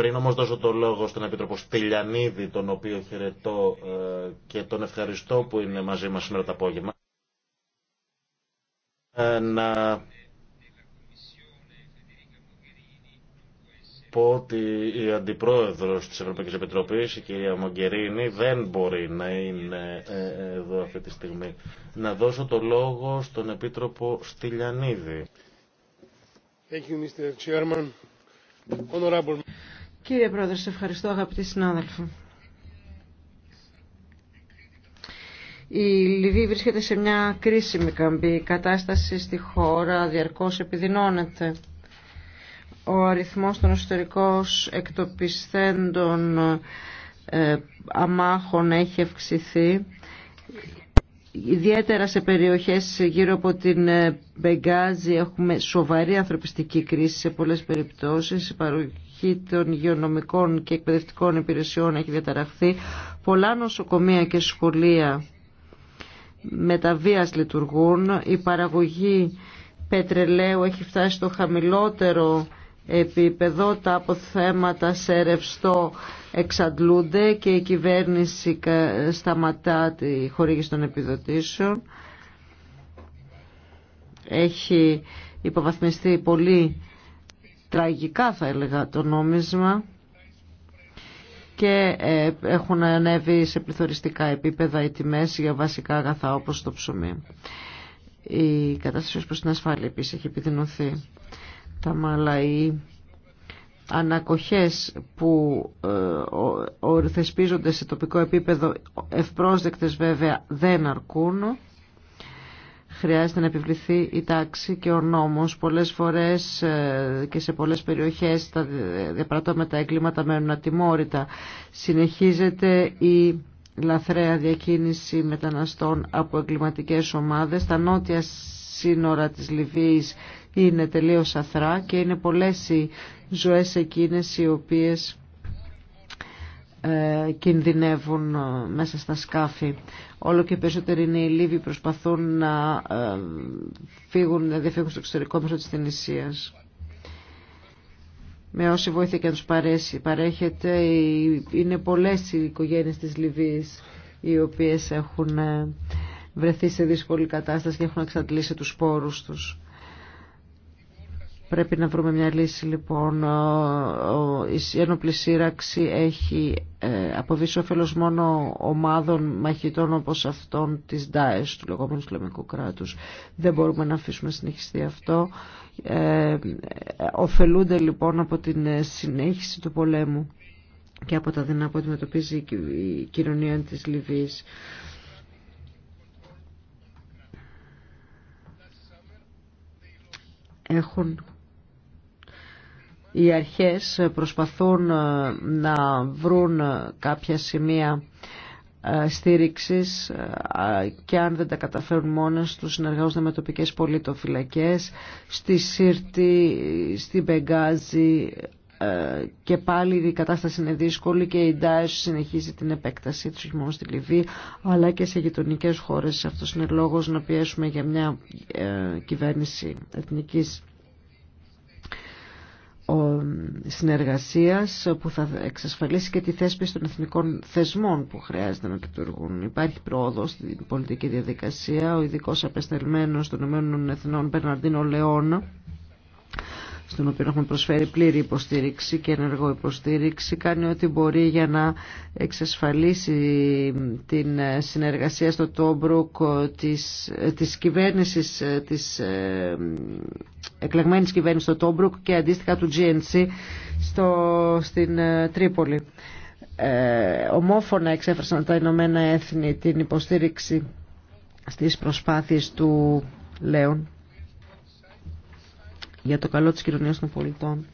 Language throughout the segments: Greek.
Πριν όμως δώσω το λόγο στον Επίτροπο Στυλιανίδη, τον οποίο χαιρετώ ε, και τον ευχαριστώ που είναι μαζί μας σήμερα το απόγευμα, ε, να πω ότι η Αντιπρόεδρος της Ευρωπαϊκής Επιτροπής, η κυρία Μογκερίνη, δεν μπορεί να είναι ε, εδώ αυτή τη στιγμή. Να δώσω το λόγο στον Επίτροπο Στυλιανίδη. Κύριε Πρόεδρε, σε ευχαριστώ αγαπητοί συνάδελφοι. Η Λιβύη βρίσκεται σε μια κρίσιμη καμπή. Η κατάσταση στη χώρα διαρκώς επιδεινώνεται. Ο αριθμός των εσωτερικών εκτοπισθέντων ε, αμάχων έχει αυξηθεί ιδιαίτερα σε περιοχές γύρω από την ε, Μπεγκάζη έχουμε σοβαρή ανθρωπιστική κρίση σε πολλές περιπτώσεις των υγειονομικών και εκπαιδευτικών υπηρεσιών έχει διαταραχθεί. Πολλά νοσοκομεία και σχολεία μεταβίας λειτουργούν. Η παραγωγή πετρελαίου έχει φτάσει στο χαμηλότερο επίπεδο. Τα αποθέματα σε ρευστό εξαντλούνται και η κυβέρνηση σταματά τη χορήγηση των επιδοτήσεων. Έχει υποβαθμιστεί πολύ τραγικά θα έλεγα το νόμισμα και ε, έχουν ανέβει σε πληθωριστικά επίπεδα οι τιμές για βασικά αγαθά όπως το ψωμί. Η κατάσταση ως προς την ασφάλεια επίσης έχει επιδεινωθεί. Τα μαλαΐ ανακοχές που ε, ορθεσπίζονται σε τοπικό επίπεδο ευπρόσδεκτες βέβαια δεν αρκούν χρειάζεται να επιβληθεί η τάξη και ο νόμος. Πολλές φορές ε, και σε πολλές περιοχές τα διαπρατώμετα έγκληματα μένουν ατιμόρυτα. Συνεχίζεται η λαθρέα διακίνηση μεταναστών από εγκληματικές ομάδες. Τα νότια σύνορα της Λιβύης είναι τελείως αθρά και είναι πολλές οι ζωές εκείνες οι οποίες ε, κινδυνεύουν ε, μέσα στα σκάφη. Όλο και περισσότεροι είναι οι Λίβοι προσπαθούν να ε, φύγουν, να διαφύγουν στο εξωτερικό μέσω της Τινησίας. Με όση βοήθεια και να τους παρέσει, παρέχεται, είναι πολλές οι οικογένειες της Λιβύης οι οποίες έχουν βρεθεί σε δύσκολη κατάσταση και έχουν εξαντλήσει τους σπόρους τους. Πρέπει να βρούμε μια λύση λοιπόν. Η ένοπλη σύραξη έχει ε, αποβήσει όφελο μόνο ομάδων μαχητών όπω αυτών της ΔΑΕΣ, του λεγόμενου Ισλαμικού κράτους. Δεν μπορούμε να αφήσουμε συνεχιστεί αυτό. Ε, λοιπόν από την ε, συνέχιση του πολέμου και από τα δεινά που αντιμετωπίζει η κοινωνία της Λιβύης. Έχουν οι αρχές προσπαθούν ε, να βρουν ε, κάποια σημεία ε, στήριξης και αν δεν τα καταφέρουν μόνο τους συνεργάζονται με τοπικές πολίτοφυλακές στη Σύρτη, στη Μπεγκάζη και πάλι η κατάσταση είναι δύσκολη και η Ντάες συνεχίζει την επέκτασή του μόνο στη Λιβύη αλλά και σε γειτονικές χώρες. Αυτός είναι λόγος να πιέσουμε για μια κυβέρνηση εθνικής συνεργασίας που θα εξασφαλίσει και τη θέσπιση των εθνικών θεσμών που χρειάζεται να λειτουργούν. Υπάρχει πρόοδο στην πολιτική διαδικασία. Ο ειδικό απεσταλμένος των Εθνών Μπερναρντίνο Λέονα στον οποίο έχουμε προσφέρει πλήρη υποστήριξη και ενεργό υποστήριξη, κάνει ό,τι μπορεί για να εξασφαλίσει την συνεργασία στο Τόμπρουκ της, της κυβέρνησης, της ε, εκλεγμένης κυβέρνησης στο Τόμπρουκ και αντίστοιχα του GNC στο, στην ε, Τρίπολη. Ε, ομόφωνα εξέφρασαν τα Ηνωμένα Έθνη την υποστήριξη στις προσπάθειες του Λέων για το καλό της κοινωνίας των πολιτών.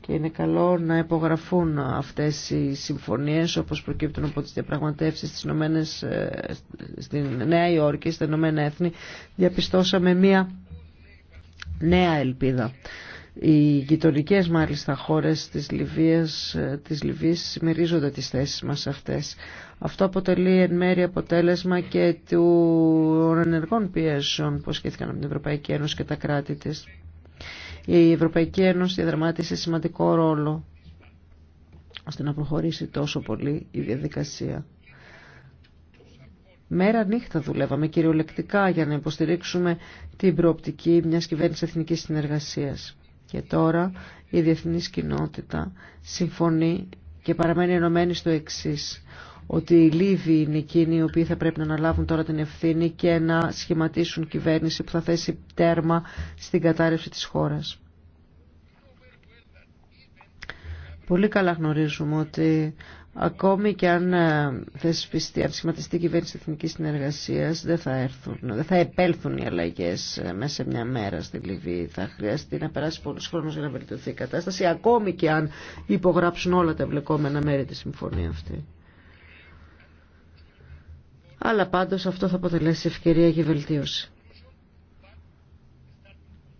Και είναι καλό να υπογραφούν αυτές οι συμφωνίες όπως προκύπτουν από τις διαπραγματεύσεις στις Ηνωμένες, ε, στην Νέα Υόρκη, στα Ηνωμένα Έθνη. Διαπιστώσαμε μία νέα ελπίδα. Οι γειτονικέ μάλιστα χώρες της Λιβύης, ε, της Λιβύης συμμερίζονται τις θέσεις μας αυτές. Αυτό αποτελεί εν μέρει αποτέλεσμα και των ενεργών πιέσεων που σχέθηκαν από την Ευρωπαϊκή Ένωση και τα κράτη της η Ευρωπαϊκή Ένωση διαδραμάτισε σημαντικό ρόλο ώστε να προχωρήσει τόσο πολύ η διαδικασία. Μέρα νύχτα δουλεύαμε κυριολεκτικά για να υποστηρίξουμε την προοπτική μιας κυβέρνηση εθνικής συνεργασίας. Και τώρα η διεθνής κοινότητα συμφωνεί και παραμένει ενωμένη στο εξής ότι οι Λίβοι είναι εκείνοι οι οποίοι θα πρέπει να αναλάβουν τώρα την ευθύνη και να σχηματίσουν κυβέρνηση που θα θέσει τέρμα στην κατάρρευση της χώρας. Πολύ καλά γνωρίζουμε ότι ακόμη και αν ε, θεσπιστεί, αν σχηματιστεί η κυβέρνηση εθνικής συνεργασίας, δεν θα, έρθουν, δεν θα επέλθουν οι αλλαγέ ε, μέσα σε μια μέρα στη Λιβύη. Θα χρειαστεί να περάσει πολλούς χρόνους για να βελτιωθεί η κατάσταση, ακόμη και αν υπογράψουν όλα τα εμπλεκόμενα μέρη τη συμφωνία αυτή αλλά πάντως αυτό θα αποτελέσει ευκαιρία για βελτίωση.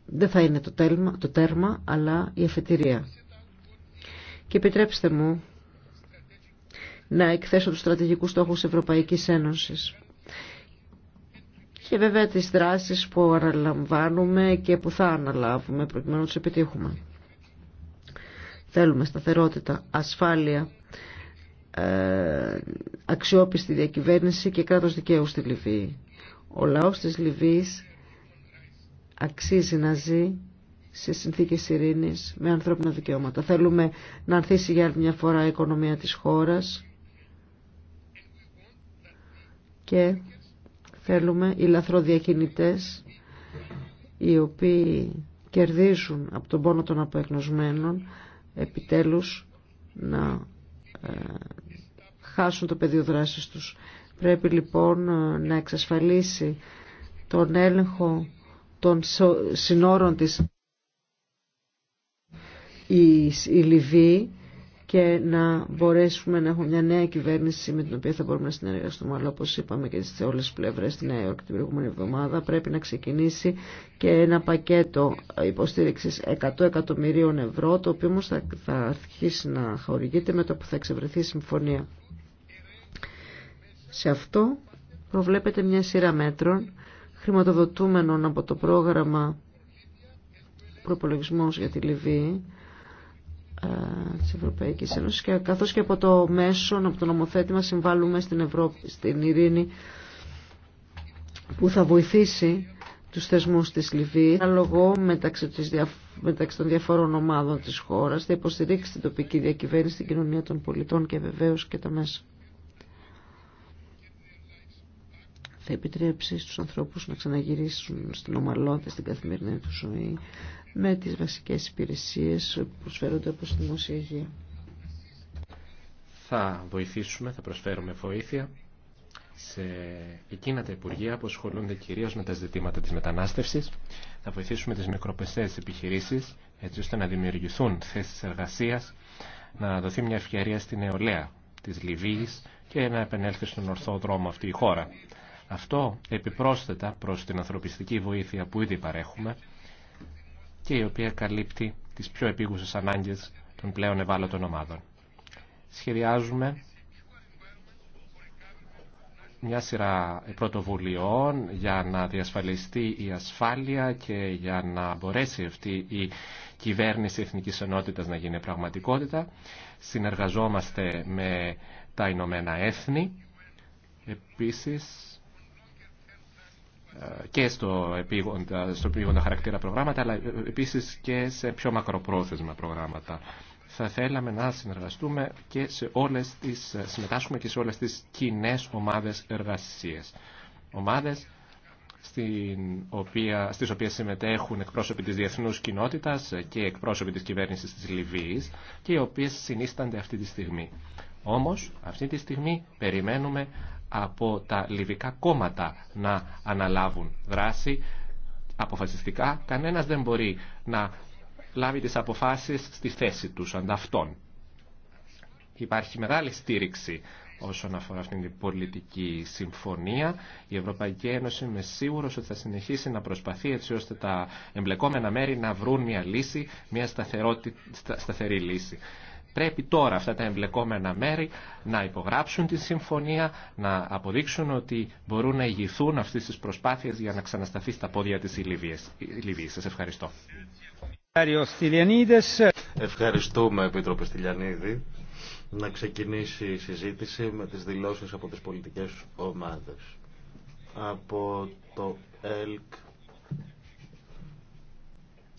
Δεν θα είναι το, τέλμα, το τέρμα, αλλά η εφετηρία. Και επιτρέψτε μου να εκθέσω τους στρατηγικούς στόχους Ευρωπαϊκής Ένωσης και βέβαια τις δράσεις που αναλαμβάνουμε και που θα αναλάβουμε προκειμένου να τους επιτύχουμε. Θέλουμε σταθερότητα, ασφάλεια, ε, αξιόπιστη διακυβέρνηση και κράτος δικαίου στη Λιβύη. Ο λαός της Λιβύης αξίζει να ζει σε συνθήκες ειρήνης με ανθρώπινα δικαιώματα. Θέλουμε να ανθίσει για μια φορά η οικονομία της χώρας και θέλουμε οι λαθροδιακινητές οι οποίοι κερδίζουν από τον πόνο των απεγνωσμένων επιτέλους να ε, χάσουν το πεδίο δράση τους. Πρέπει λοιπόν ε, να εξασφαλίσει τον έλεγχο των συνόρων της η, η Λιβύη και να μπορέσουμε να έχουμε μια νέα κυβέρνηση με την οποία θα μπορούμε να συνεργαστούμε. Αλλά όπως είπαμε και σε όλες τις πλευρές στην Νέα Υόρκη την προηγούμενη εβδομάδα πρέπει να ξεκινήσει και ένα πακέτο υποστήριξης 100 εκατομμυρίων ευρώ το οποίο όμως θα, θα αρχίσει να χορηγείται με το που θα εξευρεθεί η συμφωνία. Σε αυτό προβλέπεται μια σειρά μέτρων χρηματοδοτούμενων από το πρόγραμμα προπολογισμός για τη Λιβύη ε, της Ευρωπαϊκής Ένωσης και καθώς και από το μέσο, από το νομοθέτημα συμβάλλουμε στην, Ευρώπη, στην ειρήνη που θα βοηθήσει τους θεσμούς της Λιβύης. Αναλογό μεταξύ, μεταξύ των διαφόρων ομάδων της χώρας θα υποστηρίξει την τοπική διακυβέρνηση, την κοινωνία των πολιτών και βεβαίως και τα μέσα. θα επιτρέψει στους ανθρώπους να ξαναγυρίσουν στην ομαλότητα, στην καθημερινή του ζωή με τις βασικές υπηρεσίες που προσφέρονται από τη δημόσια υγεία. Θα βοηθήσουμε, θα προσφέρουμε βοήθεια σε εκείνα τα Υπουργεία που ασχολούνται κυρίω με τα ζητήματα τη μετανάστευση. Θα βοηθήσουμε τι μικροπεσαίε επιχειρήσει έτσι ώστε να δημιουργηθούν θέσει εργασία, να δοθεί μια ευκαιρία στην νεολαία τη Λιβύη και να επενέλθει στον ορθό δρόμο αυτή η χώρα. Αυτό επιπρόσθετα προς την ανθρωπιστική βοήθεια που ήδη παρέχουμε και η οποία καλύπτει τις πιο επίγουσες ανάγκες των πλέον ευάλωτων ομάδων. Σχεδιάζουμε μια σειρά πρωτοβουλειών για να διασφαλιστεί η ασφάλεια και για να μπορέσει αυτή η κυβέρνηση Εθνικής Ενότητας να γίνει πραγματικότητα. Συνεργαζόμαστε με τα Ηνωμένα Έθνη. Επίσης, και στο επίγοντα, στο επίγοντα χαρακτήρα προγράμματα, αλλά ε, επίσης και σε πιο μακροπρόθεσμα προγράμματα. Θα θέλαμε να συνεργαστούμε και σε όλες τις, ε, συμμετάσχουμε και σε όλες τις κοινέ ομάδες εργασίας. Ομάδες στην οποία, στις οποίες συμμετέχουν εκπρόσωποι της διεθνούς κοινότητας και εκπρόσωποι της κυβέρνησης της Λιβύης και οι οποίες συνίστανται αυτή τη στιγμή. Όμως, αυτή τη στιγμή περιμένουμε από τα λιβικά κόμματα να αναλάβουν δράση αποφασιστικά. Κανένας δεν μπορεί να λάβει τις αποφάσεις στη θέση τους ανταυτών. Υπάρχει μεγάλη στήριξη όσον αφορά αυτήν την πολιτική συμφωνία. Η Ευρωπαϊκή Ένωση είμαι σίγουρο ότι θα συνεχίσει να προσπαθεί έτσι ώστε τα εμπλεκόμενα μέρη να βρουν μια λύση, μια σταθερή λύση. Πρέπει τώρα αυτά τα εμπλεκόμενα μέρη να υπογράψουν τη συμφωνία, να αποδείξουν ότι μπορούν να ηγηθούν αυτές τις προσπάθειες για να ξανασταθεί στα πόδια τη Λιβύη. Σα ευχαριστώ. Ευχαριστούμε, Επίτροπε Στυλιανίδη. Να ξεκινήσει η συζήτηση με τις δηλώσεις από τις πολιτικές ομάδε Από το ΕΛΚ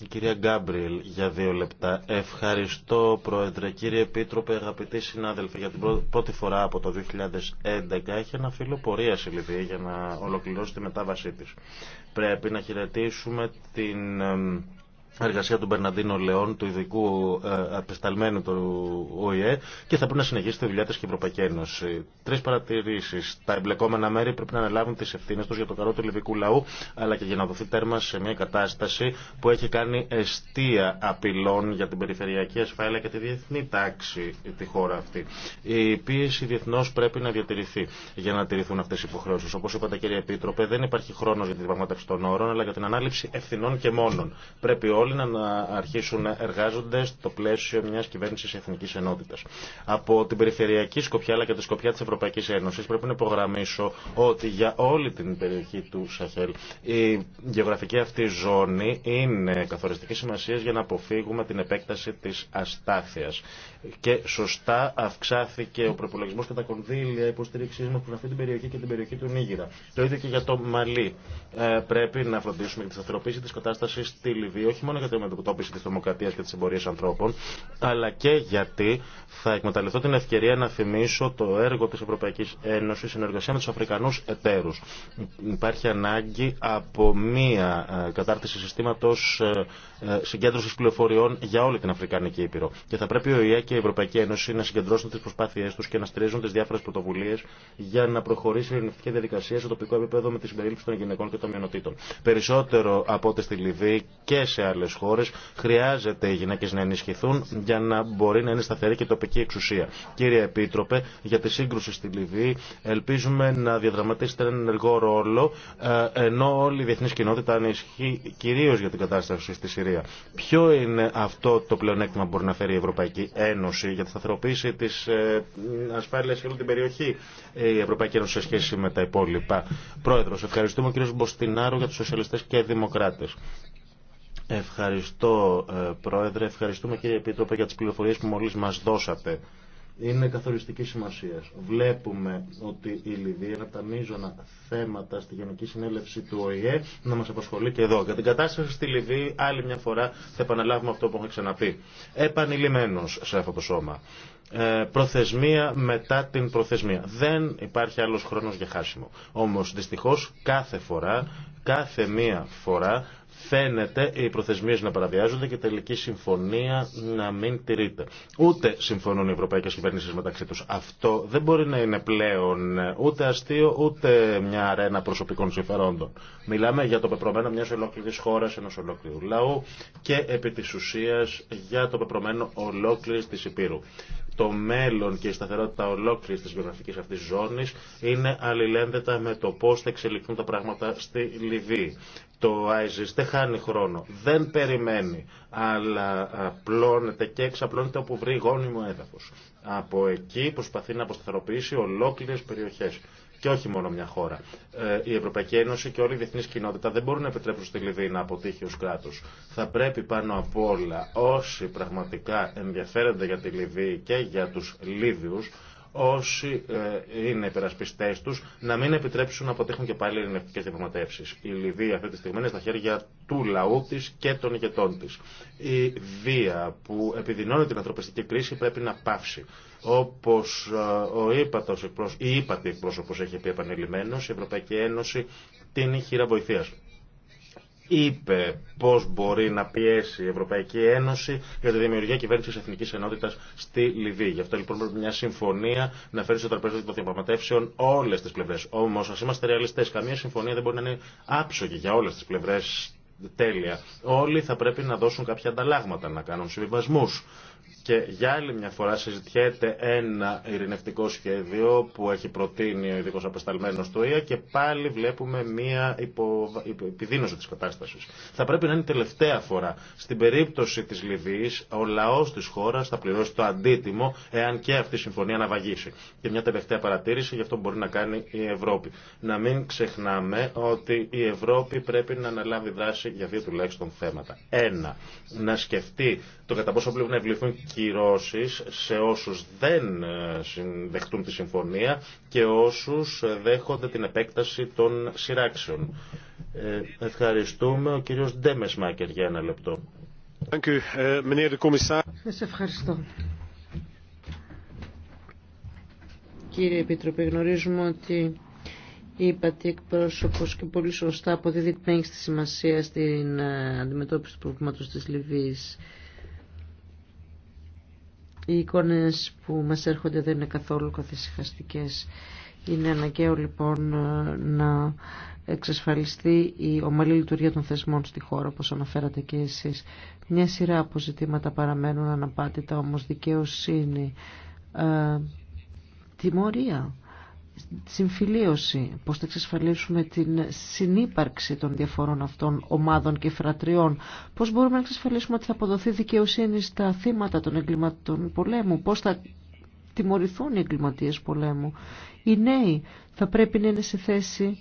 η κυρία Γκάμπριελ για δύο λεπτά. Ευχαριστώ Πρόεδρε. Κύριε Επίτροπε, αγαπητοί συνάδελφοι, για την πρώτη φορά από το 2011 έχει ένα φιλοπορία πορεία η Λιβύη για να ολοκληρώσει τη μετάβασή της. Πρέπει να χαιρετήσουμε την εργασία του Μπερναντίνο Λεόν, του ειδικού ε, απεσταλμένου του ΟΗΕ και θα πρέπει να συνεχίσει τη δουλειά τη και η Ευρωπαϊκή Ένωση. Τρει παρατηρήσει. Τα εμπλεκόμενα μέρη πρέπει να αναλάβουν τι ευθύνε του για το καλό του λιβικού λαού, αλλά και για να δοθεί τέρμα σε μια κατάσταση που έχει κάνει αιστεία απειλών για την περιφερειακή ασφάλεια και τη διεθνή τάξη τη χώρα αυτή. Η πίεση διεθνώ πρέπει να διατηρηθεί για να τηρηθούν αυτέ οι υποχρεώσει. Όπω είπατε, κύριε Επίτροπε, δεν υπάρχει χρόνο για την διαπραγμάτευση των όρων, αλλά για την ανάληψη ευθυνών και μόνον. Πρέπει όλοι να αρχίσουν να εργάζονται στο πλαίσιο μια κυβέρνηση εθνική ενότητα. Από την περιφερειακή σκοπιά αλλά και τη σκοπιά τη Ευρωπαϊκή Ένωση πρέπει να υπογραμμίσω ότι για όλη την περιοχή του Σαχέλ η γεωγραφική αυτή ζώνη είναι καθοριστική σημασία για να αποφύγουμε την επέκταση τη αστάθεια. Και σωστά αυξάθηκε ο προπολογισμό και τα κονδύλια υποστήριξή μα προ αυτή την περιοχή και την περιοχή του Νίγηρα. Το ίδιο και για το Μαλί. Ε, πρέπει να φροντίσουμε για τη σταθεροποίηση τη κατάσταση στη Λιβύη, όχι μόνο για την αντιμετώπιση τη θερμοκρατία και τη εμπορία ανθρώπων, αλλά και γιατί θα εκμεταλλευτώ την ευκαιρία να θυμίσω το έργο τη Ευρωπαϊκή Ένωση συνεργασία με του Αφρικανού εταίρου. Υπάρχει ανάγκη από μία ε, κατάρτιση συστήματο ε, ε, συγκέντρωση πληροφοριών για όλη την Αφρικανική Ήπειρο. Και θα πρέπει ο ΙΕ και η Ευρωπαϊκή Ένωση να συγκεντρώσουν τι προσπάθειέ του και να στηρίζουν τι διάφορε πρωτοβουλίε για να προχωρήσει η ειρηνευτική διαδικασία σε τοπικό επίπεδο με τη συμπερίληψη των γυναικών και των μειονοτήτων. Περισσότερο από ό,τι στη Λιβύη και σε άλλε άλλε χώρε. Χρειάζεται οι γυναίκε να ενισχυθούν για να μπορεί να είναι σταθερή και τοπική εξουσία. Κύριε Επίτροπε, για τη σύγκρουση στη Λιβύη ελπίζουμε να διαδραματίσετε έναν ενεργό ρόλο ε, ενώ όλη η διεθνή κοινότητα ανησυχεί κυρίω για την κατάσταση στη Συρία. Ποιο είναι αυτό το πλεονέκτημα που μπορεί να φέρει η Ευρωπαϊκή Ένωση για τη σταθεροποίηση τη ε, ασφάλεια σε όλη την περιοχή, ε, η Ευρωπαϊκή Ένωση σε σχέση με τα υπόλοιπα. Πρόεδρο, ευχαριστούμε κύριο Μποστινάρο για του σοσιαλιστέ και δημοκράτε. Ευχαριστώ ε, Πρόεδρε, ευχαριστούμε κύριε Επίτροπε για τις πληροφορίες που μόλις μας δώσατε. Είναι καθοριστική σημασία. Βλέπουμε ότι η Λιβύη είναι από τα μείζωνα θέματα στη Γενική Συνέλευση του ΟΗΕ να μα απασχολεί και εδώ. Για την κατάσταση στη Λιβύη, άλλη μια φορά θα επαναλάβουμε αυτό που έχω ξαναπεί. Επανειλημμένο σε αυτό το σώμα. Ε, προθεσμία μετά την προθεσμία. Δεν υπάρχει άλλο χρόνο για χάσιμο. Όμω δυστυχώ κάθε φορά, κάθε μία φορά φαίνεται οι προθεσμίες να παραβιάζονται και η τελική συμφωνία να μην τηρείται. Ούτε συμφωνούν οι ευρωπαϊκές κυβερνήσεις μεταξύ τους. Αυτό δεν μπορεί να είναι πλέον ούτε αστείο ούτε μια αρένα προσωπικών συμφερόντων. Μιλάμε για το πεπρωμένο μιας ολόκληρης χώρας, ενός ολόκληρου λαού και επί της ουσίας για το πεπρωμένο ολόκληρης της Υπήρου. Το μέλλον και η σταθερότητα ολόκληρη τη γεωγραφική αυτή ζώνη είναι αλληλένδετα με το πώ θα εξελιχθούν τα πράγματα στη Λιβύη. Το ISIS δεν χάνει χρόνο, δεν περιμένει, αλλά απλώνεται και εξαπλώνεται όπου βρει γόνιμο έδαφος. Από εκεί προσπαθεί να αποσταθεροποιήσει ολόκληρες περιοχές και όχι μόνο μια χώρα. Ε, η Ευρωπαϊκή Ένωση και όλη η διεθνή κοινότητα δεν μπορούν να επιτρέψουν στη Λιβύη να αποτύχει ω κράτο. Θα πρέπει πάνω απ' όλα όσοι πραγματικά ενδιαφέρονται για τη Λιβύη και για του Λίβιου όσοι ε, είναι υπερασπιστέ του να μην επιτρέψουν να αποτύχουν και πάλι ειρηνευτικέ διαπραγματεύσει. Η Λιβύη αυτή τη στιγμή είναι στα χέρια του λαού τη και των ηγετών τη. Η βία που επιδεινώνει την ανθρωπιστική κρίση πρέπει να πάυσει. Όπω ε, ο η εκπρόσωπο έχει πει επανειλημμένω, η Ευρωπαϊκή Ένωση τίνει χείρα βοηθεία είπε πώ μπορεί να πιέσει η Ευρωπαϊκή Ένωση για τη δημιουργία κυβέρνηση εθνική ενότητα στη Λιβύη. Γι' αυτό λοιπόν πρέπει μια συμφωνία να φέρει στο τραπέζι των διαπραγματεύσεων όλε τι πλευρέ. Όμω, α είμαστε ρεαλιστέ, καμία συμφωνία δεν μπορεί να είναι άψογη για όλε τι πλευρέ τέλεια. Όλοι θα πρέπει να δώσουν κάποια ανταλλάγματα, να κάνουν συμβιβασμού. Και για άλλη μια φορά συζητιέται ένα ειρηνευτικό σχέδιο που έχει προτείνει ο ειδικό απεσταλμένο του ΙΑ και πάλι βλέπουμε μια υπο... επιδείνωση τη κατάσταση. Θα πρέπει να είναι η τελευταία φορά. Στην περίπτωση τη Λιβύη, ο λαό τη χώρα θα πληρώσει το αντίτιμο εάν και αυτή η συμφωνία να βαγίσει. Και μια τελευταία παρατήρηση για αυτό που μπορεί να κάνει η Ευρώπη. Να μην ξεχνάμε ότι η Ευρώπη πρέπει να αναλάβει δράση για δύο τουλάχιστον θέματα. Ένα, να σκεφτεί το κατά πόσο πλέον να σε όσους δεν ε, δεχτούν τη συμφωνία και όσους δέχονται την επέκταση των σειράξεων. Ε, ευχαριστούμε. Ο κύριος Ντέμες Μάκερ για ένα λεπτό. Ε, Σας ευχαριστώ. Κύριε Επίτροπε, γνωρίζουμε ότι είπατε εκπρόσωπο και πολύ σωστά αποδίδει την σημασία στην αντιμετώπιση του προβλήματος της Λιβύης. Οι εικόνες που μας έρχονται δεν είναι καθόλου καθησυχαστικές. Είναι αναγκαίο λοιπόν να εξασφαλιστεί η ομαλή λειτουργία των θεσμών στη χώρα, όπως αναφέρατε και εσείς. Μια σειρά από ζητήματα παραμένουν αναπάτητα, όμως δικαιοσύνη, ε, τιμωρία συμφιλίωση, πώς θα εξασφαλίσουμε την συνύπαρξη των διαφορών αυτών ομάδων και φρατριών, πώς μπορούμε να εξασφαλίσουμε ότι θα αποδοθεί δικαιοσύνη στα θύματα των εγκληματών πολέμου, πώς θα τιμωρηθούν οι εγκληματίες πολέμου. Οι νέοι θα πρέπει να είναι σε θέση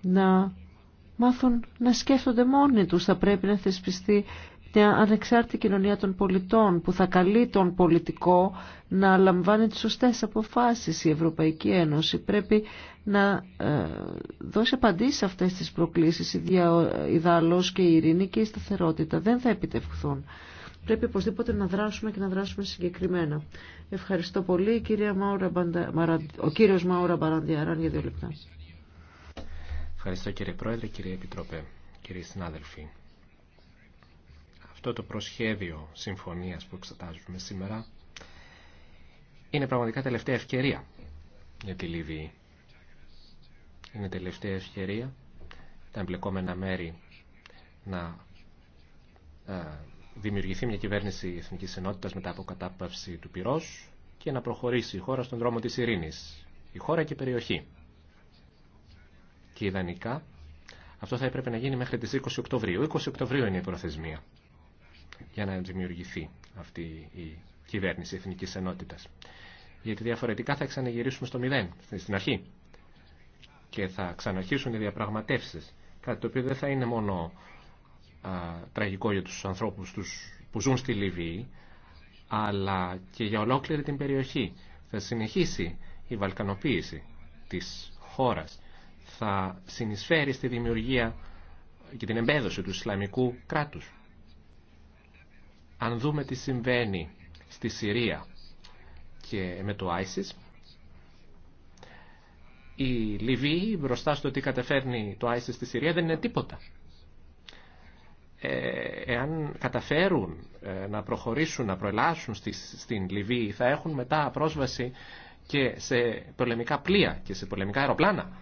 να μάθουν να σκέφτονται μόνοι τους, θα πρέπει να θεσπιστεί μια ανεξάρτητη κοινωνία των πολιτών που θα καλεί τον πολιτικό να λαμβάνει τις σωστές αποφάσεις. Η Ευρωπαϊκή Ένωση πρέπει να ε, δώσει απαντήσεις σε αυτές τις προκλήσεις, η και η ειρήνη και η σταθερότητα. Δεν θα επιτευχθούν. Πρέπει οπωσδήποτε να δράσουμε και να δράσουμε συγκεκριμένα. Ευχαριστώ πολύ κυρία Μαούρα Μπαντα... ο κύριος Μαούρα Μπαραντιαράν για δύο λεπτά. Ευχαριστώ κύριε Πρόεδρε, κύριε Επιτροπέ, κύριοι συνάδελφοι αυτό το προσχέδιο συμφωνίας που εξετάζουμε σήμερα είναι πραγματικά τελευταία ευκαιρία για τη Λιβύη. Είναι τελευταία ευκαιρία τα εμπλεκόμενα μέρη να ε, δημιουργηθεί μια κυβέρνηση εθνικής ενότητας μετά από κατάπαυση του πυρός και να προχωρήσει η χώρα στον δρόμο της ειρήνης. Η χώρα και η περιοχή. Και ιδανικά αυτό θα έπρεπε να γίνει μέχρι τις 20 Οκτωβρίου. 20 Οκτωβρίου είναι η προθεσμία για να δημιουργηθεί αυτή η κυβέρνηση εθνικής ενότητα. Γιατί διαφορετικά θα ξαναγυρίσουμε στο μηδέν, στην αρχή. Και θα ξαναρχίσουν οι διαπραγματεύσει. Κάτι το οποίο δεν θα είναι μόνο α, τραγικό για τους ανθρώπους τους που ζουν στη Λιβύη, αλλά και για ολόκληρη την περιοχή. Θα συνεχίσει η βαλκανοποίηση της χώρας. Θα συνεισφέρει στη δημιουργία και την εμπέδωση του Ισλαμικού κράτους. Αν δούμε τι συμβαίνει στη Συρία και με το ISIS, η Λιβύη μπροστά στο ότι καταφέρνει το ISIS στη Συρία δεν είναι τίποτα. Ε, εάν καταφέρουν ε, να προχωρήσουν, να προελάσουν στην Λιβύη, θα έχουν μετά πρόσβαση και σε πολεμικά πλοία και σε πολεμικά αεροπλάνα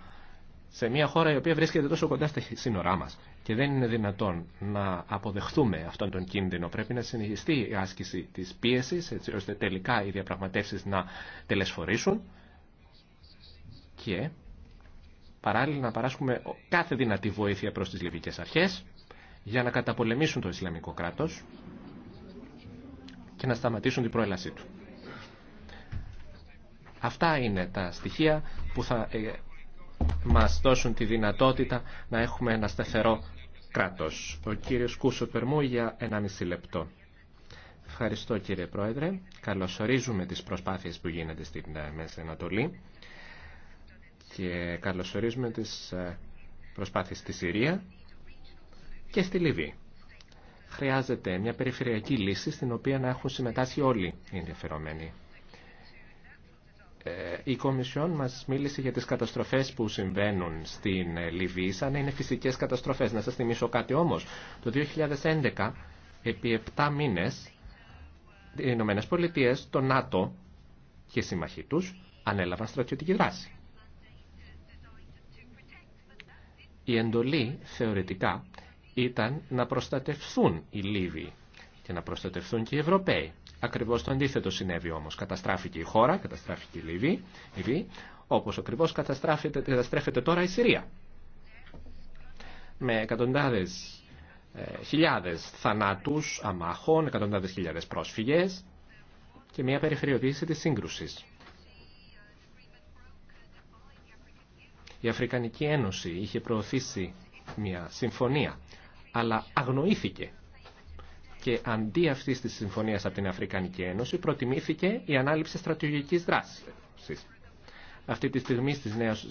σε μια χώρα η οποία βρίσκεται τόσο κοντά στα σύνορά μας και δεν είναι δυνατόν να αποδεχθούμε αυτόν τον κίνδυνο. Πρέπει να συνεχιστεί η άσκηση της πίεσης έτσι ώστε τελικά οι διαπραγματεύσεις να τελεσφορήσουν και παράλληλα να παράσχουμε κάθε δυνατή βοήθεια προς τις λιβικές αρχές για να καταπολεμήσουν το Ισλαμικό κράτος και να σταματήσουν την προέλασή του. Αυτά είναι τα στοιχεία που θα ε, μας δώσουν τη δυνατότητα να έχουμε ένα σταθερό κράτος. Ο κύριος Κούσο Περμού για 1,5 λεπτό. Ευχαριστώ κύριε Πρόεδρε. Καλωσορίζουμε τις προσπάθειες που γίνονται στην ε, Μέση Ανατολή και καλωσορίζουμε τις ε, προσπάθειες στη Συρία και στη Λιβύη. Χρειάζεται μια περιφερειακή λύση στην οποία να έχουν συμμετάσχει όλοι οι ενδιαφερομένοι ε, η Κομισιόν μας μίλησε για τις καταστροφές που συμβαίνουν στην ε, Λιβύη σαν να είναι φυσικές καταστροφές. Να σας θυμίσω κάτι όμως. Το 2011, επί 7 μήνες, οι Ηνωμένε Πολιτείε, το ΝΑΤΟ και οι συμμαχοί του ανέλαβαν στρατιωτική δράση. Η εντολή θεωρητικά ήταν να προστατευθούν οι Λίβοι και να προστατευθούν και οι Ευρωπαίοι. Ακριβώς το αντίθετο συνέβη όμως. Καταστράφηκε η χώρα, καταστράφηκε η Λιβύη, Λιβύη όπως ακριβώς καταστρέφεται τώρα η Συρία. Με εκατοντάδε χιλιάδε χιλιάδες θανάτους αμάχων, εκατοντάδε. χιλιάδες πρόσφυγες και μια περιφερειοποίηση τη σύγκρουση. Η Αφρικανική Ένωση είχε προωθήσει μια συμφωνία, αλλά αγνοήθηκε και αντί αυτή τη συμφωνία από την Αφρικανική Ένωση προτιμήθηκε η ανάληψη στρατηγική δράση. Αυτή τη στιγμή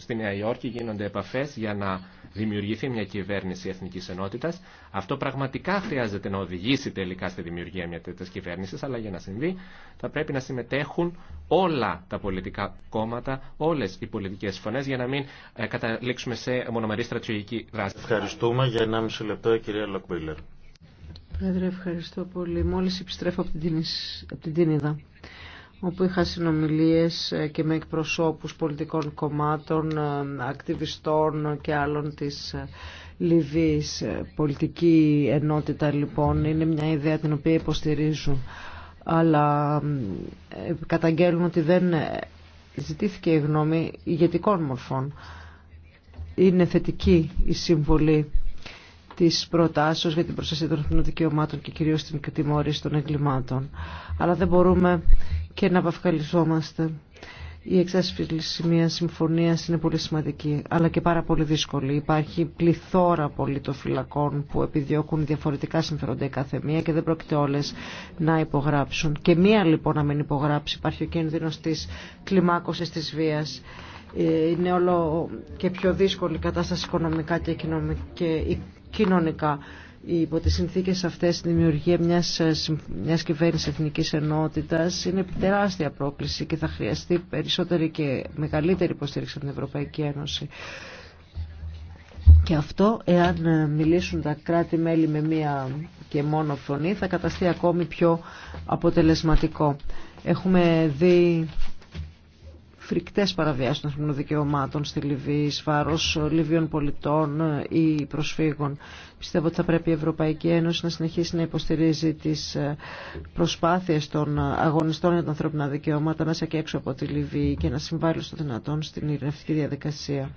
στη Νέα Υόρκη γίνονται επαφέ για να δημιουργηθεί μια κυβέρνηση εθνική ενότητα. Αυτό πραγματικά χρειάζεται να οδηγήσει τελικά στη δημιουργία μια τέτοια κυβέρνηση, αλλά για να συμβεί θα πρέπει να συμμετέχουν όλα τα πολιτικά κόμματα, όλε οι πολιτικέ φωνέ, για να μην ε, καταλήξουμε σε μονομερή στρατηγική δράση. Ευχαριστούμε για 1,5 λεπτό, κυρία Λοκμπίλερ. Πρόεδρε, ευχαριστώ πολύ. Μόλις επιστρέφω από την, από την Τίνιδα, όπου είχα συνομιλίες ε, και με εκπροσώπους πολιτικών κομμάτων, ε, ακτιβιστών και άλλων της ε, Λιβύης. Πολιτική ενότητα λοιπόν είναι μια ιδέα την οποία υποστηρίζουν. Αλλά καταγγέλνουν ότι δεν ζητήθηκε η γνώμη ηγετικών μορφών. Είναι θετική η συμβολή Τη προτάσεω για την προστασία των εθνικών δικαιωμάτων και κυρίω την τιμώρηση των εγκλημάτων. Αλλά δεν μπορούμε και να απαυκαλιζόμαστε. Η εξάσφυλληση μια συμφωνία είναι πολύ σημαντική, αλλά και πάρα πολύ δύσκολη. Υπάρχει πληθώρα φυλακών που επιδιώκουν διαφορετικά συμφέροντα η κάθε μία και δεν πρόκειται όλε να υπογράψουν. Και μία λοιπόν να μην υπογράψει. Υπάρχει ο κίνδυνο τη κλιμάκωση τη βία. Ε, είναι όλο και πιο δύσκολη η κατάσταση οικονομικά και, και κοινωνικά. Υπό τι συνθήκε αυτές η δημιουργία μιας, ε, μιας κυβέρνησης εθνικής ενότητας είναι τεράστια πρόκληση και θα χρειαστεί περισσότερη και μεγαλύτερη υποστήριξη από την Ευρωπαϊκή Ένωση. Και αυτό, εάν ε, μιλήσουν τα κράτη-μέλη με μία και μόνο φωνή, θα καταστεί ακόμη πιο αποτελεσματικό. Έχουμε δει φρικτές παραβιάσεις των ανθρώπινων δικαιωμάτων στη Λιβύη, σφάρος Λιβύων πολιτών ε, ή προσφύγων. Πιστεύω ότι θα πρέπει η Ευρωπαϊκή Ένωση να συνεχίσει να υποστηρίζει τις ε, προσπάθειες των αγωνιστών για τα ανθρώπινα δικαιώματα μέσα και έξω από τη Λιβύη και να συμβάλλει στο δυνατόν στην ειρηνευτική διαδικασία.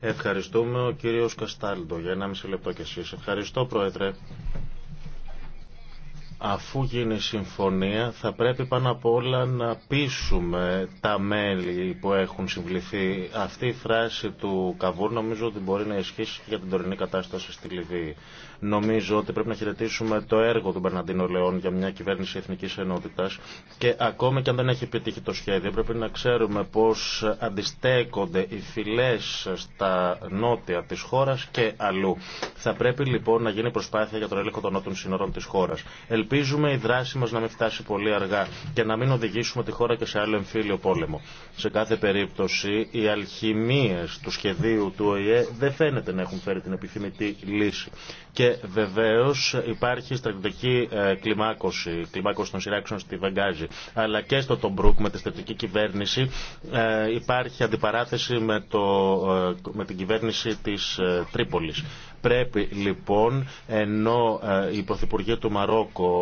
Ευχαριστούμε ο κύριος Καστάλντο για ένα μισή λεπτό και εσείς. Ευχαριστώ Πρόεδρε. Αφού γίνει συμφωνία θα πρέπει πάνω απ' όλα να πείσουμε τα μέλη που έχουν συμβληθεί. Αυτή η φράση του Καβούρ νομίζω ότι μπορεί να ισχύσει και για την τωρινή κατάσταση στη Λιβύη. Νομίζω ότι πρέπει να χαιρετήσουμε το έργο του Μπερναντίνο Λεόν για μια κυβέρνηση εθνική ενότητα και ακόμα και αν δεν έχει επιτύχει το σχέδιο, πρέπει να ξέρουμε πώ αντιστέκονται οι φυλέ στα νότια τη χώρα και αλλού. Θα πρέπει λοιπόν να γίνει προσπάθεια για τον έλεγχο των νότων σύνορων τη χώρα. Ελπίζουμε η δράση μα να μην φτάσει πολύ αργά και να μην οδηγήσουμε τη χώρα και σε άλλο εμφύλιο πόλεμο. Σε κάθε περίπτωση, οι αλχημίε του σχεδίου του ΟΗΕ δεν φαίνεται να έχουν φέρει την επιθυμητή λύση. Και βεβαίω υπάρχει στρατιωτική ε, κλιμάκωση, κλιμάκωση των σειράξεων στη Βεγγάζη. Αλλά και στο Τομπρούκ με τη στρατιωτική κυβέρνηση ε, υπάρχει αντιπαράθεση με, το, ε, με την κυβέρνηση τη Τρίπολη. Πρέπει λοιπόν, ενώ η Πρωθυπουργή του Μαρόκου,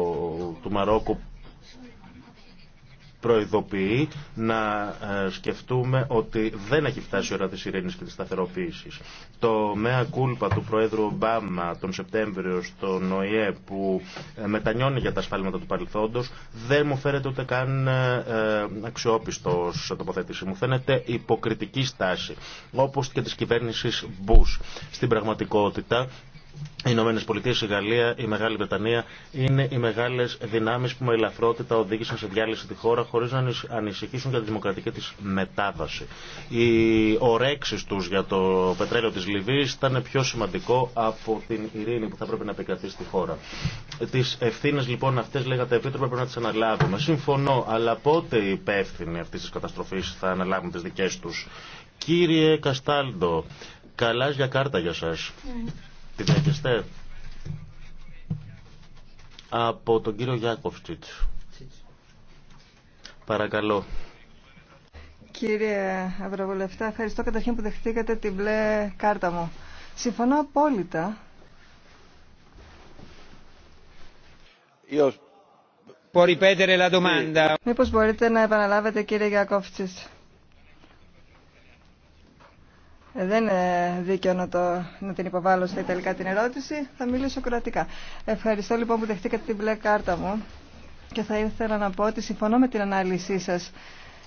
του Μαρόκου προειδοποιεί να ε, σκεφτούμε ότι δεν έχει φτάσει η ώρα της ειρήνης και της σταθεροποίησης. Το μέα κούλπα του Προέδρου Ομπάμα τον Σεπτέμβριο στο ΝΟΙΕ που ε, μετανιώνει για τα ασφάλματα του παρελθόντος δεν μου φέρεται ούτε καν ε, αξιόπιστο σε τοποθέτηση. Μου φαίνεται υποκριτική στάση όπως και της κυβέρνησης Μπούς. Στην πραγματικότητα οι Ηνωμένε Πολιτείε, η Γαλλία, η Μεγάλη Βρετανία είναι οι μεγάλε δυνάμει που με ελαφρότητα οδήγησαν σε διάλυση τη χώρα χωρί να ανησυχήσουν για τη δημοκρατική τη μετάβαση. Οι ορέξει του για το πετρέλαιο τη Λιβύη ήταν πιο σημαντικό από την ειρήνη που θα πρέπει να επικρατεί στη χώρα. Τι ευθύνε λοιπόν αυτέ, λέγατε επίτροπε, πρέπει να τι αναλάβουμε. Συμφωνώ, αλλά πότε οι υπεύθυνοι αυτή τη καταστροφή θα αναλάβουν τι δικέ του. Κύριε Καστάλντο, καλά για κάρτα για σα. Ναι. Τη δέχεστε. Από τον κύριο Γιάκοφτσιτ. Παρακαλώ. Κύριε Ευρωβουλευτέ, ευχαριστώ καταρχήν που δεχτήκατε την μπλε κάρτα μου. Συμφωνώ απόλυτα. Μήπω Μήπως μπορείτε να επαναλάβετε κύριε Γιακόφτσιτ. Δεν είναι δίκαιο να, το, την υποβάλω στα Ιταλικά την ερώτηση. Θα μιλήσω κρατικά. Ευχαριστώ λοιπόν που δεχτήκατε την μπλε κάρτα μου και θα ήθελα να πω ότι συμφωνώ με την ανάλυση σας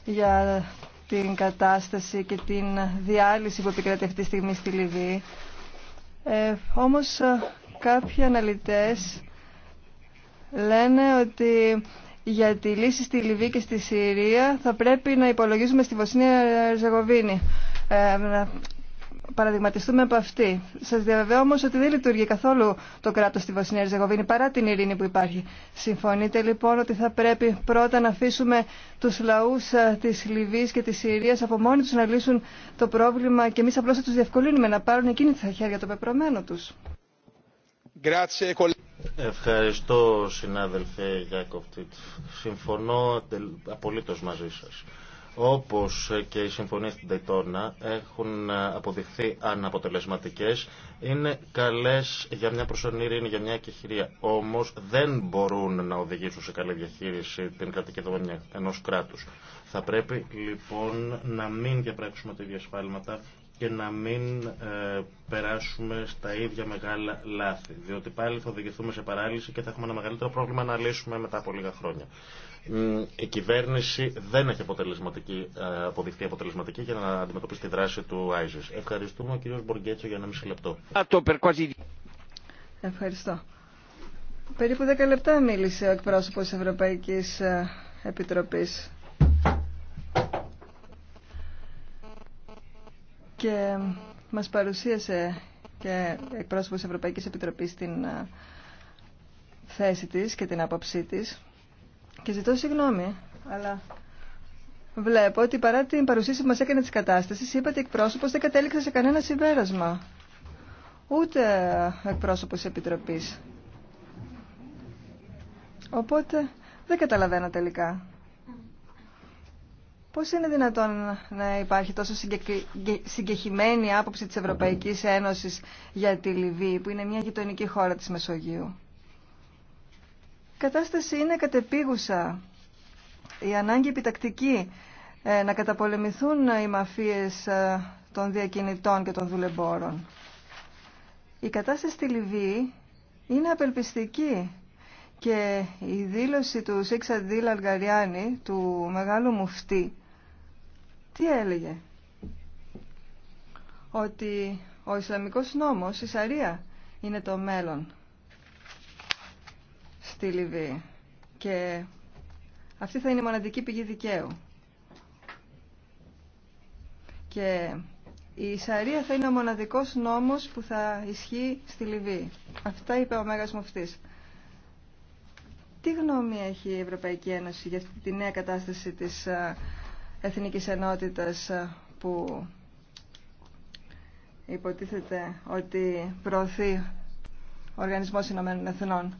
για την κατάσταση και την διάλυση που επικρατεί αυτή τη στιγμή στη Λιβύη. Ε, όμως ε, κάποιοι αναλυτές λένε ότι για τη λύση στη Λιβύη και στη Συρία θα πρέπει να υπολογίζουμε στη Βοσνία Ριζαγοβίνη. Ε, να παραδειγματιστούμε από αυτή. Σα διαβεβαιώ όμω ότι δεν λειτουργεί καθόλου το κράτο στη Βοσνία Ερζεγοβίνη παρά την ειρήνη που υπάρχει. Συμφωνείτε λοιπόν ότι θα πρέπει πρώτα να αφήσουμε του λαού ε, τη Λιβύη και τη Συρία από μόνοι του να λύσουν το πρόβλημα και εμεί απλώ θα του διευκολύνουμε να πάρουν εκείνη τα χέρια το πεπρωμένο του. Ευχαριστώ συνάδελφε Γιάκοπτη. Συμφωνώ απολύτω μαζί σα όπως και οι συμφωνίε στην Τετώνα έχουν αποδειχθεί αναποτελεσματικές, είναι καλές για μια προσωρινή είναι για μια εκεχηρία. Όμως δεν μπορούν να οδηγήσουν σε καλή διαχείριση την κρατική δομή ενός κράτους. Θα πρέπει λοιπόν να μην διαπράξουμε τα ίδια σφάλματα και να μην ε, περάσουμε στα ίδια μεγάλα λάθη. Διότι πάλι θα οδηγηθούμε σε παράλυση και θα έχουμε ένα μεγαλύτερο πρόβλημα να λύσουμε μετά από λίγα χρόνια η κυβέρνηση δεν έχει αποτελεσματική, ε, αποδειχθεί αποτελεσματική για να αντιμετωπίσει τη δράση του ΆΙΖΙΣ. Ευχαριστούμε ο κύριος Μποργκέτσο για ένα μισή λεπτό. Ευχαριστώ. Περίπου 10 λεπτά μίλησε ο εκπρόσωπος Ευρωπαϊκής ε, Επιτροπής. Και μας παρουσίασε και εκπρόσωπος Ευρωπαϊκής Επιτροπής την ε, θέση της και την άποψή της. Και ζητώ συγγνώμη, αλλά βλέπω ότι παρά την παρουσίαση που μας έκανε τη κατάσταση, είπατε εκπρόσωπος δεν κατέληξε σε κανένα συμπέρασμα. Ούτε εκπρόσωπος επιτροπή. Οπότε δεν καταλαβαίνω τελικά. Πώς είναι δυνατόν να υπάρχει τόσο συγκεχημένη άποψη της Ευρωπαϊκής Ένωσης για τη Λιβύη, που είναι μια γειτονική χώρα τη Μεσογείου. Η κατάσταση είναι κατεπίγουσα. Η ανάγκη επιτακτική ε, να καταπολεμηθούν οι μαφίες ε, των διακινητών και των δουλεμπόρων. Η κατάσταση στη Λιβύη είναι απελπιστική και η δήλωση του Δίλα Αλγαριάνη, του μεγάλου μουφτή, τι έλεγε. Ότι ο Ισλαμικός νόμος, η Σαρία, είναι το μέλλον στη και αυτή θα είναι η μοναδική πηγή δικαίου. Και η Σαρία θα είναι ο μοναδικός νόμος που θα ισχύει στη Λιβύη. Αυτά είπε ο Μέγας Μοφτής. Τι γνώμη έχει η Ευρωπαϊκή Ένωση για αυτή τη νέα κατάσταση της ε, εθνικής ενότητας ε, που υποτίθεται ότι προωθεί ο Οργανισμός Εθνών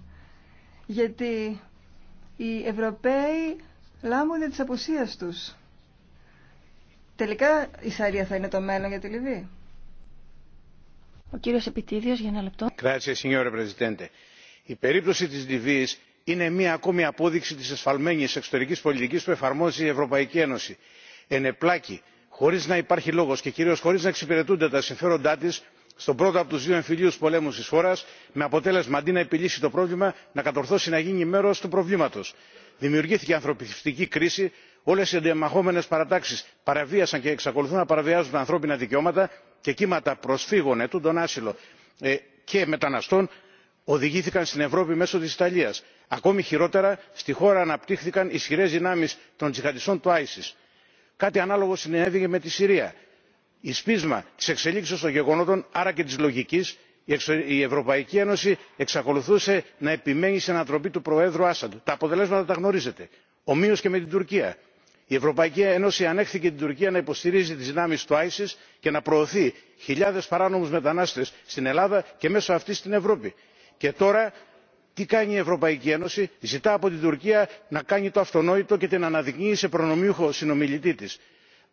γιατί οι Ευρωπαίοι λάμουν της απουσίας τους. Τελικά η Σαρία θα είναι το μέλλον για τη Λιβύη. Ο κύριος Επιτίδιος για ένα λεπτό. Η περίπτωση της Λιβύης είναι μία ακόμη απόδειξη της ασφαλμένης εξωτερικής πολιτικής που εφαρμόζει η Ευρωπαϊκή Ένωση. Ενεπλάκη, χωρίς να υπάρχει λόγος και κυρίως χωρίς να εξυπηρετούνται τα συμφέροντά της, στον πρώτο από τους δύο εμφυλίους πολέμους της χώρας με αποτέλεσμα αντί να επιλύσει το πρόβλημα να κατορθώσει να γίνει μέρος του προβλήματος. δημιουργήθηκε ανθρωπιστική κρίση όλες οι ενδυναμωνόμενες παρατάξεις παραβίασαν και εξακολουθούν να παραβιάζουν τα ανθρώπινα δικαιώματα και κύματα προσφύγων ετούντων άσυλο ε, και μεταναστών οδηγήθηκαν στην ευρώπη μέσω της ιταλίας. ακόμη χειρότερα στη χώρα αναπτύχθηκαν ισχυρέ δυνάμει των τζιχαντιστών του isis. κάτι ανάλογο συνέβη και με τη συρία. Η σπίσμα της εξελίξεως των γεγονότων άρα και της λογικής η ευρωπαϊκή ένωση εξακολουθούσε να επιμένει στην ανατροπή του προέδρου ασαντ. τα αποτελέσματα τα γνωρίζετε. ομοίως και με την τουρκία. η ευρωπαϊκή ένωση ανέχθηκε την τουρκία να υποστηρίζει τις δυνάμεις του isis και να προωθεί χιλιάδες παράνομους μετανάστες στην ελλάδα και μέσω αυτής στην ευρώπη. και τώρα τι κάνει η ευρωπαϊκή ένωση ζητά από την τουρκία να κάνει το αυτονόητο και την αναδεικνύει σε προνομιούχο συνομιλητή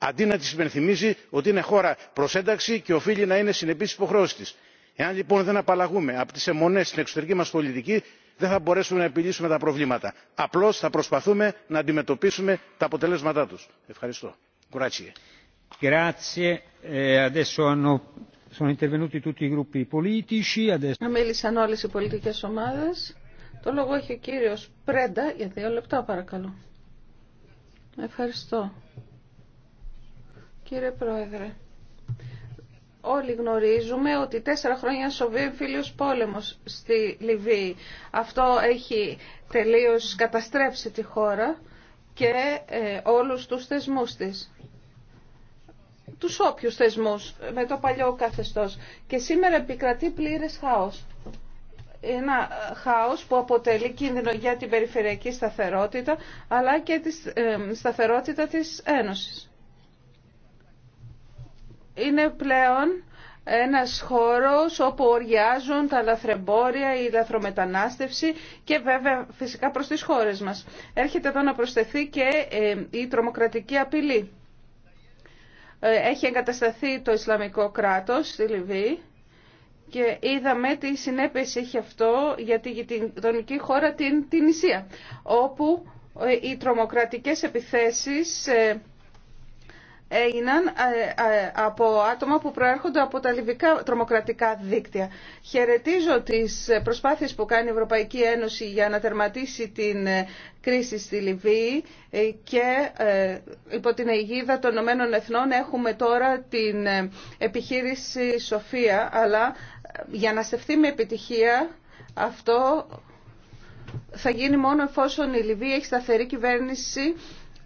αντί να τη υπενθυμίζει ότι είναι χώρα προ ένταξη και οφείλει να είναι συνεπή στι υποχρεώσει τη. εάν λοιπόν δεν απαλλαγούμε από τι αιμονέ στην εξωτερική μα πολιτική δεν θα μπορέσουμε να επιλύσουμε τα προβλήματα απλώ θα προσπαθούμε να αντιμετωπίσουμε τα αποτελέσματά του. ευχαριστώ. Ευχαριστώ. Κύριε Πρόεδρε, όλοι γνωρίζουμε ότι τέσσερα χρόνια σοβεί εμφύλιος πόλεμος στη Λιβύη. Αυτό έχει τελείως καταστρέψει τη χώρα και ε, όλους τους θεσμούς της τους όποιους θεσμούς με το παλιό καθεστώς. Και σήμερα επικρατεί πλήρες χάος. Ένα ε, χάος που αποτελεί κίνδυνο για την περιφερειακή σταθερότητα, αλλά και τη ε, σταθερότητα της Ένωσης είναι πλέον ένας χώρος όπου οριάζουν τα λαθρεμπόρια, η λαθρομετανάστευση και βέβαια φυσικά προς τις χώρες μας. Έρχεται εδώ να προσθεθεί και ε, η τρομοκρατική απειλή. Ε, έχει εγκατασταθεί το Ισλαμικό κράτος στη Λιβύη και είδαμε τι συνέπειες έχει αυτό για την γειτονική χώρα την Ισία, όπου ε, οι τρομοκρατικές επιθέσεις έγιναν ε, ε, από άτομα που προέρχονται από τα λιβικά τρομοκρατικά δίκτυα. Χαιρετίζω τις προσπάθειες που κάνει η Ευρωπαϊκή Ένωση για να τερματίσει την ε, κρίση στη Λιβύη και υπό την αιγίδα των Ηνωμένων Εθνών έχουμε τώρα την επιχείρηση Σοφία, αλλά για να στεφθεί με επιτυχία αυτό θα γίνει μόνο εφόσον η Λιβύη έχει σταθερή κυβέρνηση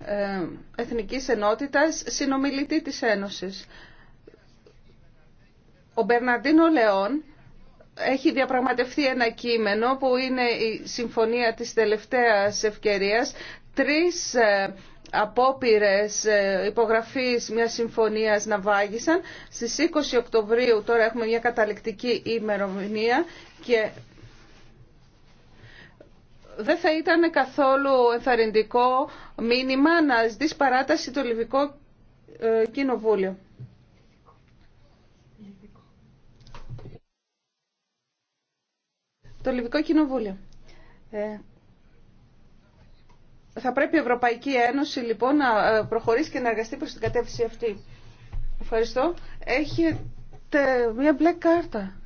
ε, εθνικής Ενότητας, συνομιλητή της Ένωσης. Ο Μπερναντίνο Λεόν έχει διαπραγματευτεί ένα κείμενο που είναι η συμφωνία της τελευταίας ευκαιρίας. Τρεις ε, απόπειρες ε, υπογραφής μιας συμφωνίας να βάγισαν. Στις 20 Οκτωβρίου τώρα έχουμε μια καταληκτική ημερομηνία και δεν θα ήταν καθόλου ενθαρρυντικό μήνυμα να ζητήσει παράταση το Λιβικό ε, Κοινοβούλιο. Το Λιβικό Κοινοβούλιο. Ε, θα πρέπει η Ευρωπαϊκή Ένωση λοιπόν να ε, προχωρήσει και να εργαστεί προς την κατεύθυνση αυτή. Ευχαριστώ. Έχετε μία μπλε κάρτα.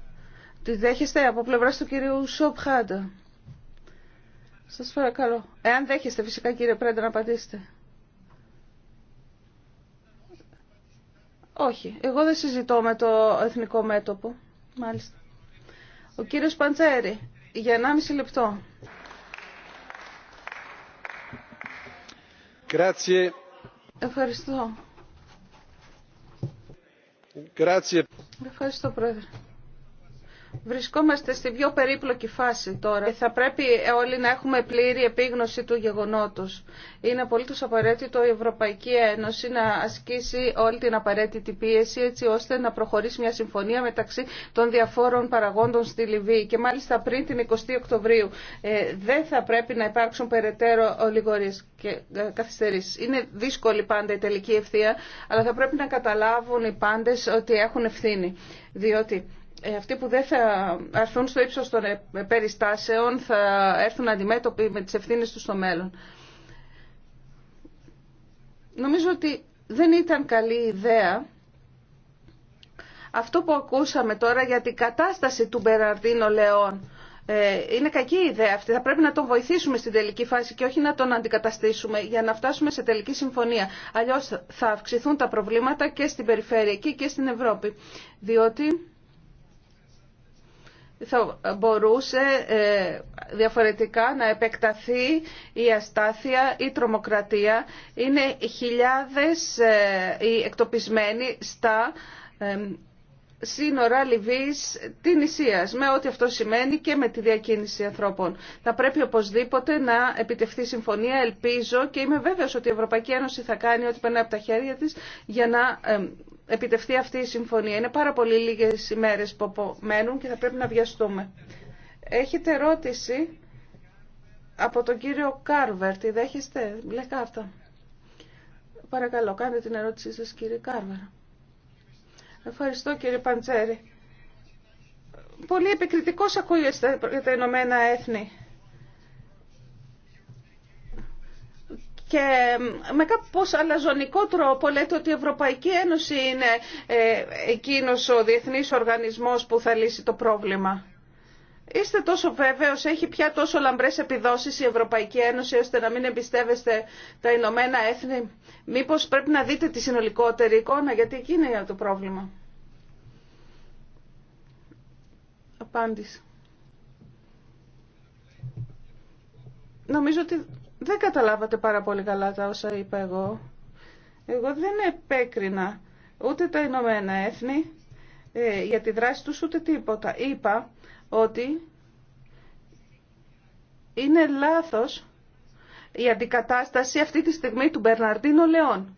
Τη δέχεστε από πλευράς του κυρίου Σοπχάντα. Σας παρακαλώ. Εάν δέχεστε φυσικά κύριε Πρέντα να απαντήσετε. Όχι. Εγώ δεν συζητώ με το εθνικό μέτωπο. Μάλιστα. Ο κύριος Παντσέρη, για 1,5 λεπτό. Grazie. Ευχαριστώ. Grazie. Ευχαριστώ, Πρόεδρε. Βρισκόμαστε στη πιο περίπλοκη φάση τώρα ε, θα πρέπει όλοι να έχουμε πλήρη επίγνωση του γεγονότος. Είναι απολύτως απαραίτητο η Ευρωπαϊκή Ένωση να ασκήσει όλη την απαραίτητη πίεση έτσι ώστε να προχωρήσει μια συμφωνία μεταξύ των διαφόρων παραγόντων στη Λιβύη και μάλιστα πριν την 20 Οκτωβρίου. Ε, δεν θα πρέπει να υπάρξουν περαιτέρω ολιγορίες και ε, καθυστερήσεις. Είναι δύσκολη πάντα η τελική ευθεία, αλλά θα πρέπει να καταλάβουν οι πάντες ότι έχουν ευθύνη. Διότι ε, αυτοί που δεν θα αρθούν στο ύψος των ε, περιστάσεων θα έρθουν αντιμέτωποι με τις ευθύνες τους στο μέλλον. Νομίζω ότι δεν ήταν καλή ιδέα αυτό που ακούσαμε τώρα για την κατάσταση του Μπεραρδίνο Λεόν. Ε, είναι κακή ιδέα αυτή. Θα πρέπει να τον βοηθήσουμε στην τελική φάση και όχι να τον αντικαταστήσουμε για να φτάσουμε σε τελική συμφωνία. Αλλιώς θα αυξηθούν τα προβλήματα και στην περιφέρεια και στην Ευρώπη. Διότι θα μπορούσε ε, διαφορετικά να επεκταθεί η αστάθεια, η τρομοκρατία. Είναι χιλιάδες ε, οι εκτοπισμένοι στα ε, σύνορα Λιβύης την Ισίας, με ό,τι αυτό σημαίνει και με τη διακίνηση ανθρώπων. Θα πρέπει οπωσδήποτε να επιτευχθεί συμφωνία, ελπίζω και είμαι βέβαιος ότι η Ευρωπαϊκή Ένωση θα κάνει ό,τι περνάει από τα χέρια της για να επιτευχθεί αυτή η συμφωνία. Είναι πάρα πολύ λίγες ημέρες που μένουν και θα πρέπει να βιαστούμε. Έχετε ερώτηση από τον κύριο Κάρβερ. Τη δέχεστε, μπλε κάρτα. Παρακαλώ, κάντε την ερώτησή σας κύριε Κάρβερ. Ευχαριστώ κύριε Παντσέρη. Πολύ επικριτικός ακούγεστε για τα Ηνωμένα Έθνη. και με κάπως αλαζονικό τρόπο λέτε ότι η Ευρωπαϊκή Ένωση είναι ε, εκείνος ο διεθνής οργανισμός που θα λύσει το πρόβλημα. Είστε τόσο βέβαιος, έχει πια τόσο λαμπρές επιδόσεις η Ευρωπαϊκή Ένωση ώστε να μην εμπιστεύεστε τα Ηνωμένα Έθνη. Μήπως πρέπει να δείτε τη συνολικότερη εικόνα γιατί εκεί είναι το πρόβλημα. Απάντηση. Νομίζω ότι δεν καταλάβατε πάρα πολύ καλά τα όσα είπα εγώ. Εγώ δεν επέκρινα ούτε τα Ηνωμένα Έθνη ε, για τη δράση τους ούτε τίποτα. Είπα ότι είναι λάθος η αντικατάσταση αυτή τη στιγμή του Μπερναρντίνο Λεόν.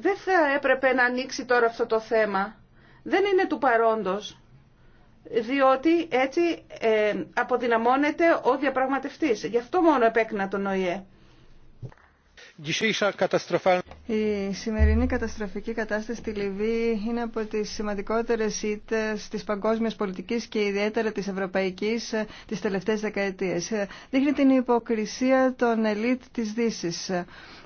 Δεν θα έπρεπε να ανοίξει τώρα αυτό το θέμα. Δεν είναι του παρόντος διότι έτσι ε, αποδυναμώνεται ο διαπραγματευτής. Γι' αυτό μόνο επέκνα τον ΟΗΕ. Η σημερινή καταστροφική κατάσταση στη Λιβύη είναι από τις σημαντικότερες ήττες της παγκόσμιας πολιτικής και ιδιαίτερα της ευρωπαϊκής ε, τις τελευταίες δεκαετίες. Ε, δείχνει την υποκρισία των ελίτ της δύση.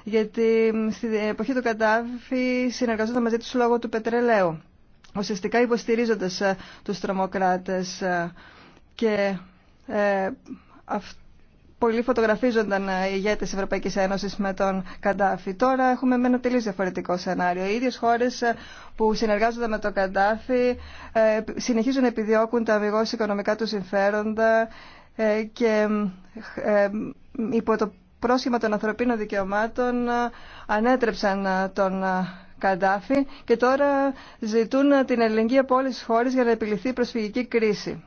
γιατί στην εποχή του Καντάφη συνεργαζόταν μαζί τους λόγω του πετρελαίου ουσιαστικά υποστηρίζοντας ε, τους τρομοκράτες ε, και ε, πολλοί φωτογραφίζονταν ε, οι ηγέτε της Ευρωπαϊκή Ένωση με τον Καντάφη. Τώρα έχουμε με ένα τελείω διαφορετικό σενάριο. Οι χώρες χώρε που συνεργάζονται με τον Καντάφη συνεχίζουν να επιδιώκουν τα αμυγό οικονομικά του συμφέροντα και υπό το πρόσχημα των ανθρωπίνων δικαιωμάτων ανέτρεψαν τον Καντάφη και τώρα ζητούν την ελληνική από όλες τις χώρες για να επιληθεί η προσφυγική κρίση.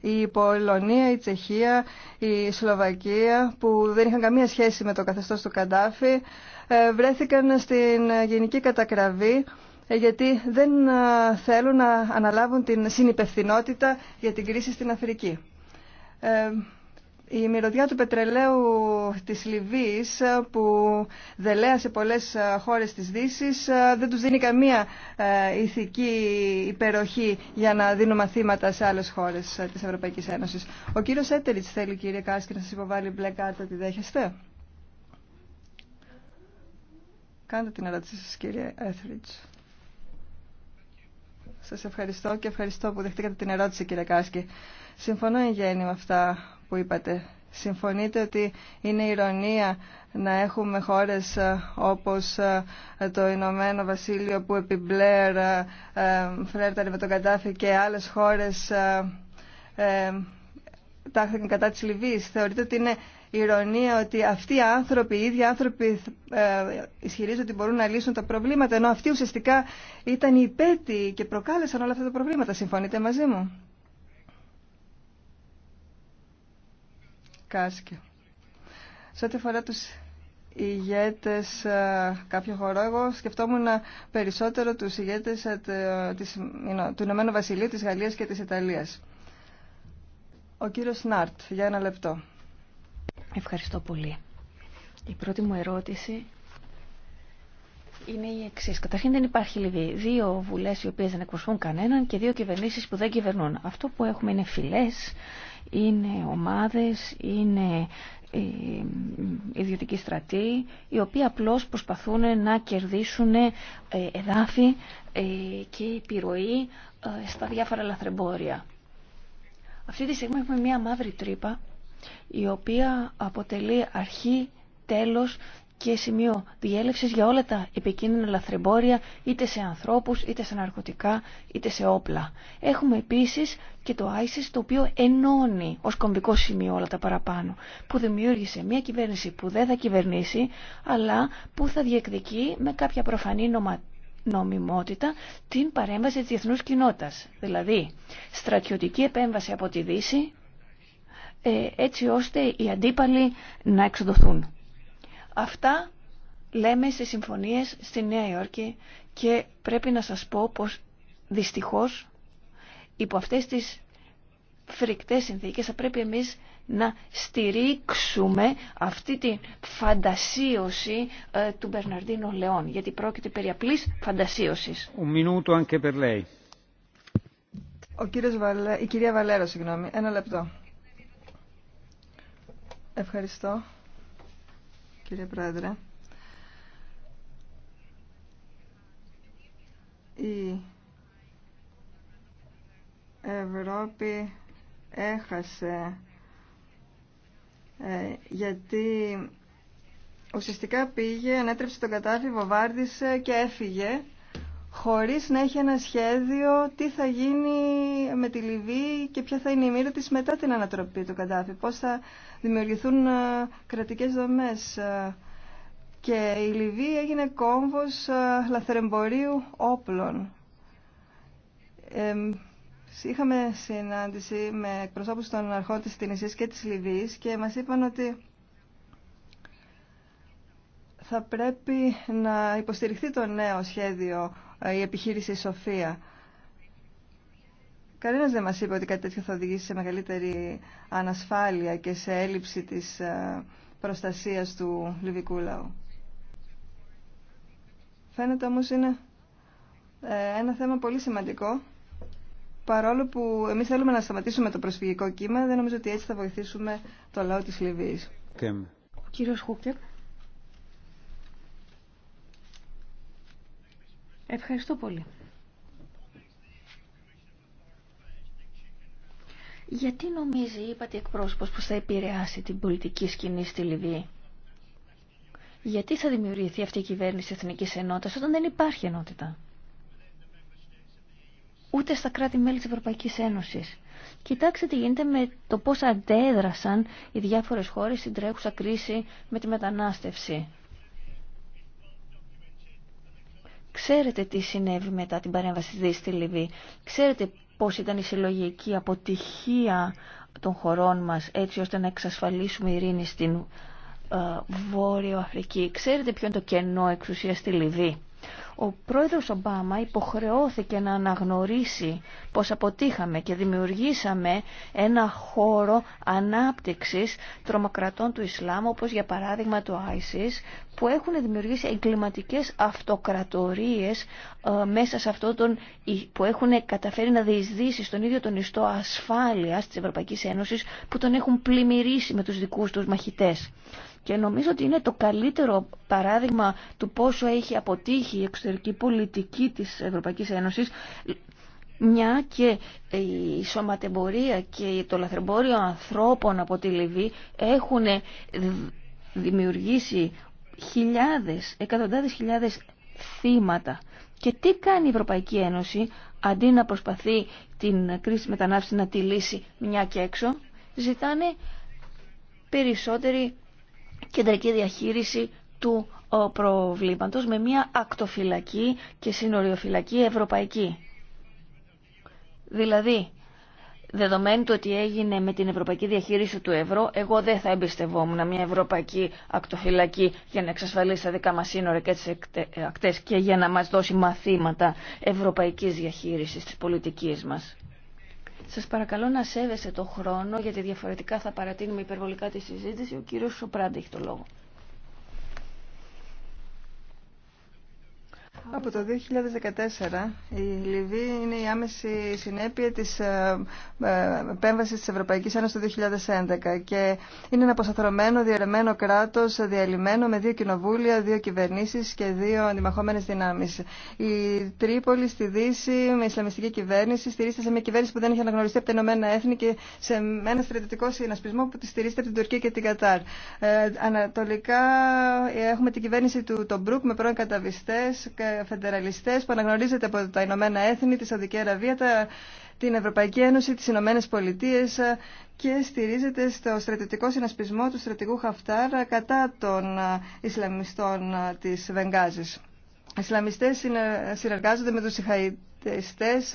Η Πολωνία, η Τσεχία, η Σλοβακία που δεν είχαν καμία σχέση με το καθεστώς του Καντάφη ε, βρέθηκαν στην γενική κατακραβή ε, γιατί δεν ε, θέλουν να αναλάβουν την συνυπευθυνότητα για την κρίση στην Αφρική. Η μυρωδιά του πετρελαίου της Λιβύης που δελέασε πολλές χώρες της Δύσης δεν τους δίνει καμία ε, ηθική υπεροχή για να δίνουν μαθήματα σε άλλες χώρες ε, της Ευρωπαϊκής Ένωσης. Ο κύριος Έτεριτς θέλει κύριε Κάσκη να σας υποβάλει μπλε κάρτα, τη δέχεστε. Κάντε την ερώτησή σας κύριε Έτεριτς. Σας ευχαριστώ και ευχαριστώ που δεχτήκατε την ερώτηση κύριε Κάσκη. Συμφωνώ εν γέννη με αυτά που είπατε. Συμφωνείτε ότι είναι ηρωνία να έχουμε χώρες ε, όπως ε, το Ηνωμένο Βασίλειο που επί Μπλερ ε, φλέρταρε με τον Καντάφη και άλλες χώρες τάχθηκαν κατά της Λιβύης. Θεωρείτε ότι είναι ηρωνία ότι αυτοί οι άνθρωποι, οι ίδιοι άνθρωποι ισχυρίζονται ότι μπορούν να λύσουν τα προβλήματα, ενώ αυτοί ουσιαστικά ήταν οι και προκάλεσαν όλα αυτά τα προβλήματα. Συμφωνείτε μαζί μου. Κάσκιο. Σε ό,τι αφορά τους ηγέτες ε, κάποιο χώρο εγώ σκεφτόμουν περισσότερο τους ηγέτες ε, του Ηνωμένου Βασιλείου, της Γαλλίας και της Ιταλίας. Ο κύριος Νάρτ, για ένα λεπτό. Ευχαριστώ πολύ. Η πρώτη μου ερώτηση είναι η εξή. Καταρχήν δεν υπάρχει Λιβύη. Δηλαδή δύο βουλές οι οποίες δεν εκπροσωπούν κανέναν και δύο κυβερνήσει που δεν κυβερνούν. Αυτό που έχουμε είναι φυλές είναι ομάδες, είναι ε, ιδιωτικοί στρατοί, οι οποίοι απλώς προσπαθούν να κερδίσουν ε, εδάφη ε, και επιρροή στα διάφορα λαθρεμπόρια. Αυτή τη στιγμή έχουμε μία μαύρη τρύπα, η οποία αποτελεί αρχή τέλος και σημείο διέλευσης για όλα τα επικίνδυνα λαθρεμπόρια είτε σε ανθρώπους, είτε σε ναρκωτικά, είτε σε όπλα. Έχουμε επίσης και το ISIS το οποίο ενώνει ως κομβικό σημείο όλα τα παραπάνω που δημιούργησε μια κυβέρνηση που δεν θα κυβερνήσει αλλά που θα διεκδικεί με κάποια προφανή νομιμότητα την παρέμβαση της διεθνούς κοινότητας. Δηλαδή στρατιωτική επέμβαση από τη Δύση ε, έτσι ώστε οι αντίπαλοι να εξοδοθούν. Αυτά λέμε σε συμφωνίες στη Νέα Υόρκη και πρέπει να σας πω πως δυστυχώς υπό αυτές τις φρικτές συνθήκες θα πρέπει εμείς να στηρίξουμε αυτή τη φαντασίωση ε, του Μπερναρδίνου Λεόν, γιατί πρόκειται περί απλής φαντασίωσης. Un minuto anche per lei. Ο κύριος Βαλέ, η κυρία συγγνώμη, ένα λεπτό. Ευχαριστώ κύριε Πρόεδρε. Η Ευρώπη έχασε ε, γιατί ουσιαστικά πήγε, ανέτρεψε τον κατάφυγο, βάρδισε και έφυγε χωρίς να έχει ένα σχέδιο τι θα γίνει με τη Λιβύη και ποια θα είναι η μοίρα της μετά την ανατροπή του Καντάφη, πώς θα δημιουργηθούν ε, κρατικές δομές. Ε, και η Λιβύη έγινε κόμβος ε, λαθρεμπορίου όπλων. Είχαμε συνάντηση με εκπροσώπους των αρχών της Τινησίας και της Λιβύης και μας είπαν ότι θα πρέπει να υποστηριχθεί το νέο σχέδιο η επιχείρηση Σοφία. Κανένας δεν μας είπε ότι κάτι τέτοιο θα οδηγήσει σε μεγαλύτερη ανασφάλεια και σε έλλειψη της ε, προστασίας του λιβικού λαού. Φαίνεται όμως είναι ε, ένα θέμα πολύ σημαντικό. Παρόλο που εμείς θέλουμε να σταματήσουμε το προσφυγικό κύμα, δεν νομίζω ότι έτσι θα βοηθήσουμε το λαό της Λιβύης. Κύριος Χούκερ. Ευχαριστώ πολύ. Γιατί νομίζει, είπατε εκπρόσωπος, πως θα επηρεάσει την πολιτική σκηνή στη Λιβύη. Γιατί θα δημιουργηθεί αυτή η κυβέρνηση Εθνικής Ενότητας όταν δεν υπάρχει ενότητα. Ούτε στα κράτη-μέλη της Ευρωπαϊκής Ένωσης. Κοιτάξτε τι γίνεται με το πώς αντέδρασαν οι διάφορες χώρες στην τρέχουσα κρίση με τη μετανάστευση. Ξέρετε τι συνέβη μετά την παρέμβαση της στη Λιβύη. Ξέρετε πώς ήταν η συλλογική αποτυχία των χωρών μας έτσι ώστε να εξασφαλίσουμε ειρήνη στην ε, Βόρειο Αφρική. Ξέρετε ποιο είναι το κενό εξουσία στη Λιβύη. Ο πρόεδρος Ομπάμα υποχρεώθηκε να αναγνωρίσει πως αποτύχαμε και δημιουργήσαμε ένα χώρο ανάπτυξης τρομοκρατών του Ισλάμ, όπως για παράδειγμα το ISIS, που έχουν δημιουργήσει εγκληματικές αυτοκρατορίες ε, μέσα σε αυτό τον, που έχουν καταφέρει να διεισδύσει στον ίδιο τον ιστό ασφάλειας της Ευρωπαϊκής Ένωσης που τον έχουν πλημμυρίσει με τους δικούς τους μαχητές. Και νομίζω ότι είναι το καλύτερο παράδειγμα του πόσο έχει αποτύχει η εξωτερική πολιτική της Ευρωπαϊκής Ένωσης μια και η σωματεμπορία και το λαθρεμπόριο ανθρώπων από τη Λιβύη έχουν δημιουργήσει χιλιάδες, εκατοντάδες χιλιάδες θύματα. Και τι κάνει η Ευρωπαϊκή Ένωση αντί να προσπαθεί την κρίση μετανάστευση να τη λύσει μια και έξω, ζητάνε περισσότερη κεντρική διαχείριση του προβλήματος με μια ακτοφυλακή και συνοριοφυλακή ευρωπαϊκή. Δηλαδή, δεδομένου του ότι έγινε με την ευρωπαϊκή διαχείριση του ευρώ, εγώ δεν θα εμπιστευόμουν μια ευρωπαϊκή ακτοφυλακή για να εξασφαλίσει τα δικά μας σύνορα και τις ε, ακτές και για να μας δώσει μαθήματα ευρωπαϊκής διαχείρισης της πολιτικής μας. Σας παρακαλώ να σέβεστε το χρόνο, γιατί διαφορετικά θα παρατείνουμε υπερβολικά τη συζήτηση. Ο κύριος Σοπράντα έχει το λόγο. Από το 2014 η Λιβύη είναι η άμεση συνέπεια της ε, ε, επέμβασης της Ευρωπαϊκής Ένωσης το 2011 και είναι ένα αποσαθρωμένο, διαρρεμένο κράτος, διαλυμένο με δύο κοινοβούλια, δύο κυβερνήσεις και δύο αντιμαχόμενες δυνάμεις. Η Τρίπολη στη Δύση με ισλαμιστική κυβέρνηση στηρίζεται σε μια κυβέρνηση που δεν έχει αναγνωριστεί από τα Ηνωμένα Έθνη και σε ένα στρατιωτικό συνασπισμό που τη στηρίζεται από την Τουρκία και την Κατάρ. Ε, ανατολικά έχουμε την κυβέρνηση του Τομπρούκ με πρώην καταβιστές φεντεραλιστέ που αναγνωρίζεται από τα Ηνωμένα Έθνη, τη Σαουδική Αραβία, την Ευρωπαϊκή Ένωση, τις Ηνωμένε Πολιτείε ε, και στηρίζεται στο στρατιωτικό συνασπισμό του στρατηγού Χαφτάρα ε, κατά των ε, Ισλαμιστών της Βενγάζης. Οι Ισλαμιστέ συνεργάζονται με τους Σιχαϊστές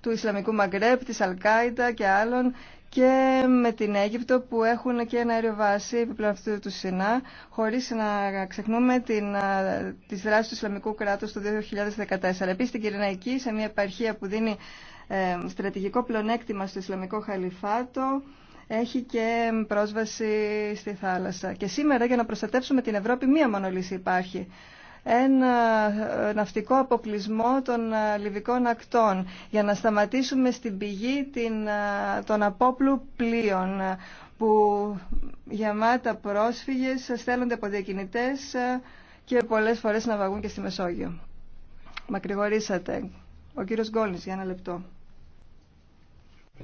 του Ισλαμικού Μαγκρέπ, της Αλκάιντα και άλλων και με την Αίγυπτο που έχουν και ένα βάση επιπλέον αυτού του Σινά χωρίς να ξεχνούμε την, τις δράσεις του Ισλαμικού κράτους το 2014. Επίσης την Κυριναϊκή σε μια επαρχία που δίνει ε, στρατηγικό πλονέκτημα στο Ισλαμικό Χαλιφάτο έχει και πρόσβαση στη θάλασσα. Και σήμερα για να προστατεύσουμε την Ευρώπη μία μόνο υπάρχει ένα ε, ναυτικό αποκλεισμό των ε, λιβικών ακτών για να σταματήσουμε στην πηγή την, ε, των απόπλου πλοίων που γεμάτα πρόσφυγες στέλνονται από διακινητές και πολλές φορές να βαγούν και στη Μεσόγειο. Μακρηγορήσατε. Ο κύριος Γκόλνης, για ένα λεπτό.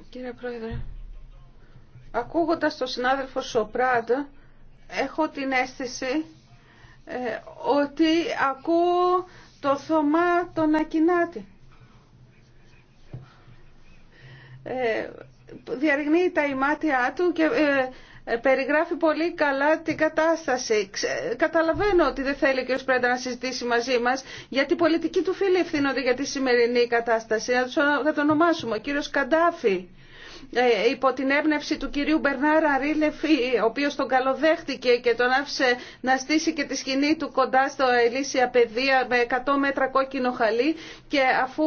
Κύριε Πρόεδρε, ακούγοντας τον συνάδελφο Σοπράντ έχω την αίσθηση ε, ότι ακούω το Θωμά τον Ακινάτη. Ε, διαρριγνύει τα ημάτια του και ε, περιγράφει πολύ καλά την κατάσταση. Καταλαβαίνω ότι δεν θέλει ο κ. να συζητήσει μαζί μας, γιατί οι πολιτικοί του φίλοι ευθύνονται για τη σημερινή κατάσταση. Να, τους, ονομάσουμε. Ο κ. Καντάφη ε, υπό την έμπνευση του κυρίου Μπερνάρα Ρίλεφη, ο οποίος τον καλοδέχτηκε και τον άφησε να στήσει και τη σκηνή του κοντά στο Ελίσια Παιδεία με 100 μέτρα κόκκινο χαλί και αφού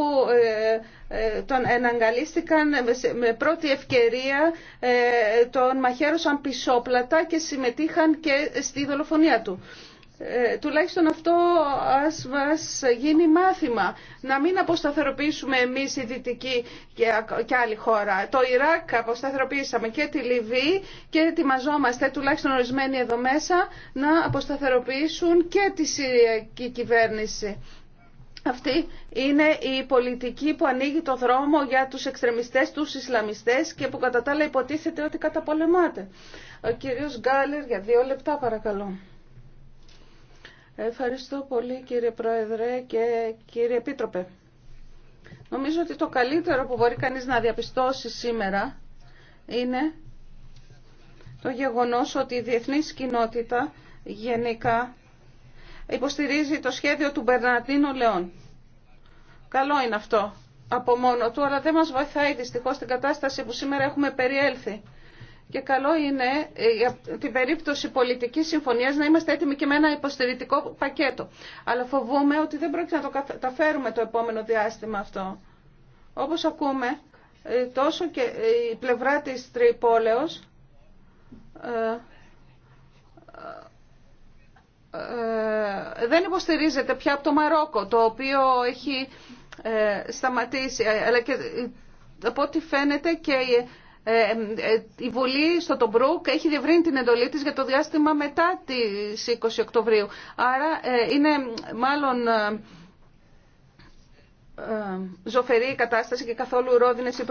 ε, ε, τον εναγκαλίστηκαν με πρώτη ευκαιρία τον μαχαίρωσαν πισόπλατα και συμμετείχαν και στη δολοφονία του. Ε, τουλάχιστον αυτό ας μας γίνει μάθημα. Να μην αποσταθεροποιήσουμε εμείς η Δυτική και, και άλλη χώρα. Το Ιράκ αποσταθεροποιήσαμε και τη Λιβύη και ετοιμαζόμαστε τουλάχιστον ορισμένοι εδώ μέσα να αποσταθεροποιήσουν και τη Συριακή κυβέρνηση. Αυτή είναι η πολιτική που ανοίγει το δρόμο για τους εξτρεμιστές, τους Ισλαμιστές και που κατά τα άλλα υποτίθεται ότι καταπολεμάται. Ο κύριος Γκάλερ για δύο λεπτά παρακαλώ. Ευχαριστώ πολύ κύριε Πρόεδρε και κύριε Επίτροπε. Νομίζω ότι το καλύτερο που μπορεί κανείς να διαπιστώσει σήμερα είναι το γεγονός ότι η διεθνής κοινότητα γενικά υποστηρίζει το σχέδιο του Μπερναντίνο Λεόν. Καλό είναι αυτό από μόνο του, αλλά δεν μας βοηθάει δυστυχώς την κατάσταση που σήμερα έχουμε περιέλθει και καλό είναι ε, για την περίπτωση πολιτικής συμφωνίας να είμαστε έτοιμοι και με ένα υποστηρικτικό πακέτο. Αλλά φοβούμε ότι δεν πρόκειται να το καταφέρουμε το επόμενο διάστημα αυτό. Όπως ακούμε, ε, τόσο και ε, η πλευρά της Τριπόλεως δεν υποστηρίζεται πια από το Μαρόκο, το οποίο έχει σταματήσει, αλλά και από ό,τι φαίνεται και ε, ε, η Βουλή στο Τομπρούκ έχει διευρύνει την εντολή της για το διάστημα μετά τις 20 Οκτωβρίου. Άρα ε, είναι μάλλον ζωφερή η κατάσταση και καθόλου ρόδινες οι